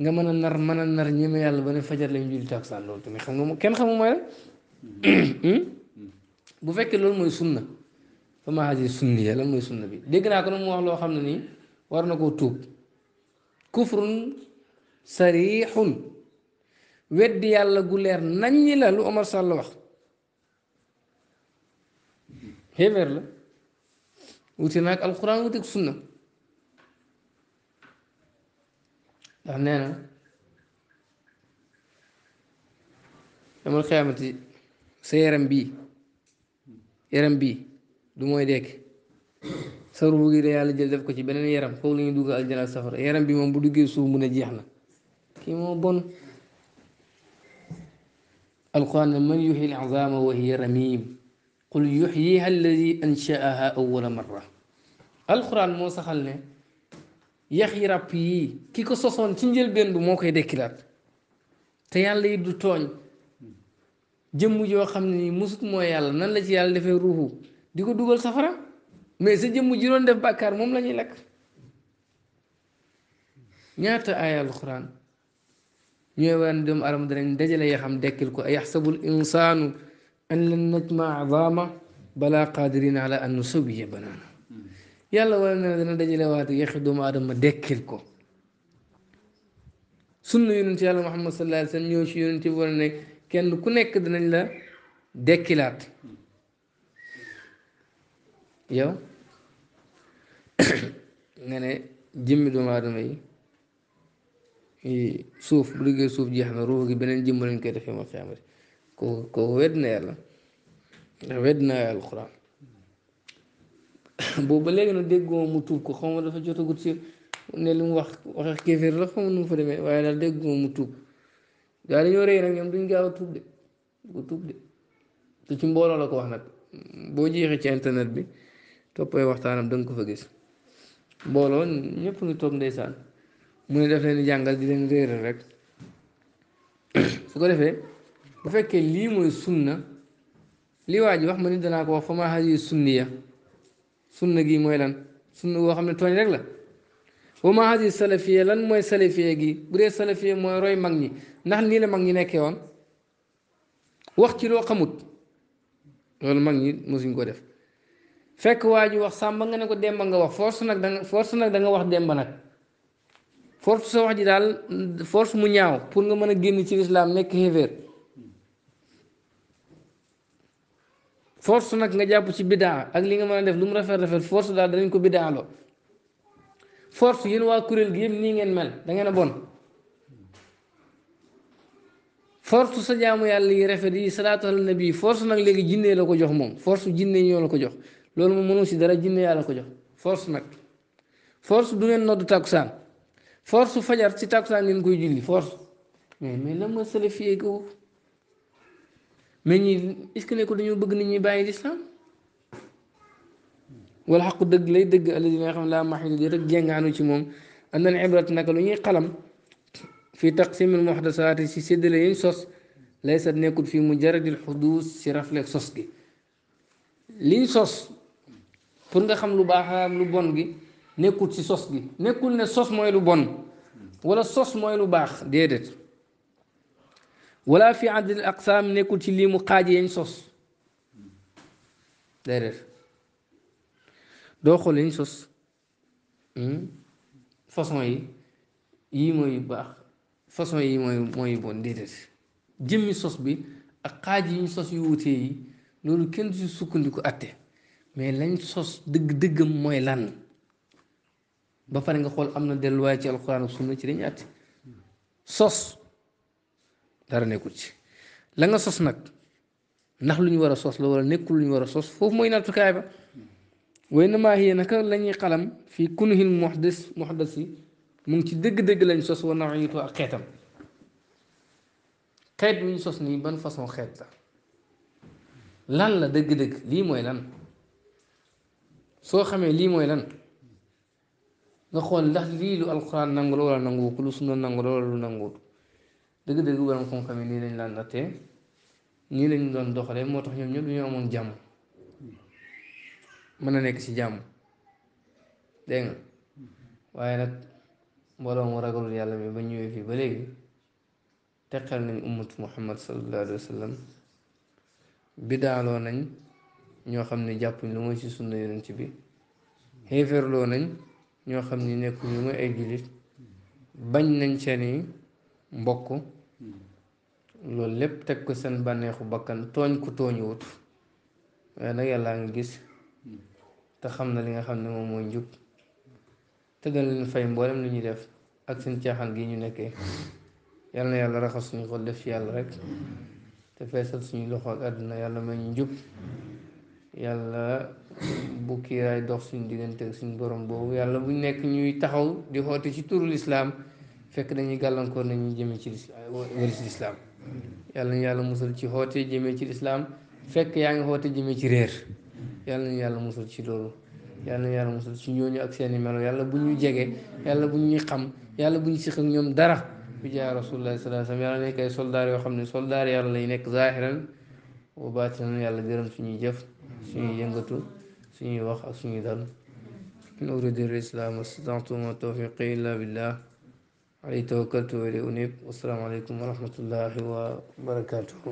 nga mën a nar mën a nar ñeme yàlla ba ne fajar lañ jiri takkusaan loolu tamit xam nga kenn xamu mooy la bu fekkee loolu mooy sunna fa ma sunni ya lan mooy sunna bi dégg naa ko nag mu wax loo xam ne nii war na koo tuub kufrun sarixun weddi yàlla gu leer naññi la lu Omar Sall wax xéeféer la wuti naag alxuraan wuti sunna ndax nee na demal xiyaamati sa yaram bii yaram bii du mooy dekk sa ruux gi da yàlla jël def ko ci beneen yaram foofu la ñuy dugg aljana safara yaram bi moom bu duggee suuf mu ne jeex na kii moo bon القرآن من يحيي العظام وهي رميم قل يحييها الذي أنشأها أول مرة القرآن مو سخلنا يخي ربي كي كسوسون تنجل بين بموك يدكلات تيان لي دو توغ جيم جو خامني موسوت مو يالا نان لا سي يالا روحو ديكو دوغال سفرا مي سي جيم جي رون موم لا لك نياتا ايا القرآن ñu ne waan doomu aadama danañ dajale ya xam dekkil ko yaxsabul insaanu an lan najma azaama balaa qaadirin ala an nusawiya banaana yàlla wala ne dana dajale waat yaxi doomu aadama dekkil ko sunna yonent yàlla muhammad sallallahu alayhi wa sallam ñëw ci yonent bi war ne kenn ku nekk danañ la dekkilaat yow nga ne jëmmi doomu aadama yi suuf bu duggee suuf jeex na ruux gi beneen jëmm lañ koy defee ma xiyamati ko ko wedd na yàlla ndax wedd na alxuraan (laughs) boobu ba léegi nag déggoo mu tuub ko xaw ma dafa jotagut ne lu mu wax waxe kéeféer nu mu demee waaye daal déggoo mu tuub gaa dañoo rëy nag gaaw a tuub de tuub de ci mbooloo la ko wax nag boo jeexee ci internet bi toppay waxtaanam da nga ko fa gis mbooloo ñëpp ngi toog ndeysaan mu ne daf leen di jàngal di leen réeral rek (coughs) su ko defee bu fekkee lii mooy sunna lii waa ji wax ma ni danaa ko wax fa maa xaji sunniya sunna gi mooy lan sunna boo xam ne tooñ rek la wa maa xaji salafiya lan mooy salafiya gi bu dee salafiya mooy roy mag ñi ndax lii la mag ñi nekkee woon wax ci loo xamut loolu mag ñi mosuñ ko def fekk waa ji wax sàmba nga ne ko demba nga wax force nag danga force nag da nga wax demba nag force sa wax ji daal force mu ñaaw pour nga mën a génn ci lislaam nekk xéeféer force nag nga jàpp ci bidaa ak li nga mën a def lu mu rafet rafet force daal danañ ko biddaaloo force yéen waa kuréel gi nii ngeen mel da ngeen a bon sa jaamu yàlla yi rafet yi salaatu ala nabi force nag léegi jinne la ko jox moom force jinne ñoo ko jox loolu moom mënul si dara jinne yàlla ko jox force nag force du ngeen noddu tàkkusaan force fajar ci takkusaan ngeen koy julli force mais mais la ma salafiyee ko mais ñi est-ce que ne ko dañu bëgg nit ñi bàyyi l'islam wal haqu deug lay deug alladi nga xam la maxid di rek jéngaanu ci mom am ibrat nak lu ñuy xalam fi taqsim al muhdathat ci séddale yi sos laysa fi mujarrad al hudus ci raflet sos gi liñ sos pour nga xam lu baax am lu bon gi nekkul ci sos gi nekkul ne sos mooy lu bon wala sos mooy lu baax déedéet wala fi adil aqsaam nekkul ci lii mu xaaji yañ sos déedéet doo xool yañ sos hmm? façon yi yii mooy yu baax façon yi mooy yu bon déedéet jëmmi sos bi ak xaaj yi ñu sos yu wute yi loolu kenn du sukkandiku atte mais lañ sos dëgg-dëggam mooy lan ba pare nga xool am na delluwaay ci alxuraan ak sunna ci dañuy àtte sos dara nekkul ci la nga sos nag ndax lu ñu sos la wala nekkul lu ñu war a sos foofu mooy nattukaay ba way na maa hiya naka la ñuy xalam fii kunuhil muxdas muxdas mu ci dëgg-dëgg lañ sos war naa ak xeetam xeet ñu sos nii ban façon xeet la lan la dëgg-dëgg lii mooy lan soo xamee lii mooy lan nga xool ndax lii lu alquran nangu la wala nangu ko lu sunna nangu la wala lu nanguwul dëgg-dëgg borom xam-xam yi nii lañ laan nattee nii lañ doon doxalee moo tax ñoom ñëpp dañoo amoon jàmm mën a nekk ci jàmm dégg nga waaye nag mbooloo mu ragalul yàlla mi ba ñëwee fii ba léegi teqal nañ ummatu muhammad sallallahu alayhi wa sallam bidaaloo nañ ñoo xam ne jàppuñ lu mooy ci sunna yonent bi xéeferloo nañ ñoo xam ni nekku ñu mooy ay jullit bañ nañ seeni mbokk loolu lépp teg ko seen bànneexu bakkan tooñ ku tooñuwut waaye nag yàllaa nga gis te xam na li nga xam ne moom mooy njub te dana leen fay mboolem lu ñuy def ak seen caaxaan gi ñu nekkee yàlla na yàlla raxas suñu xol def ci yàlla rek te feesal suñu loxo ak àdduna yàlla may njub yàlla bu kiiraay dox suñ suñ borom boobu yàlla buñ nekk ñuy taxaw di xoote ci turu lislaam fekk dañuy gàllankoor nañu jëmee ci wër ci lislaam yàlla musal ci xoote jëmee ci lislaam fekk yaa ngi xoote jëmee ci réer yàlla yàlla musal ci loolu yàlla ñu yàlla musal ci ak seeni melo yàlla bu ñu jege yàlla bu ñuy xam yàlla bu ñu siq ak ñoom dara bi jaa rasulullah sallallahu alayhi yàlla nekk ay soldaar yoo xam ne soldaar yàlla lay nekk zaahiran wa baatinan yàlla gërëm ñuy jëf suñuy yëngatu suñuy wax ak suñuy dal in uridu al-islam mastata'tu wa ma tawfiqi illa billah alayhi tawakkaltu wa ilayhi unib wassalaamu alaykum wa rahmatullahi wa barakatuhu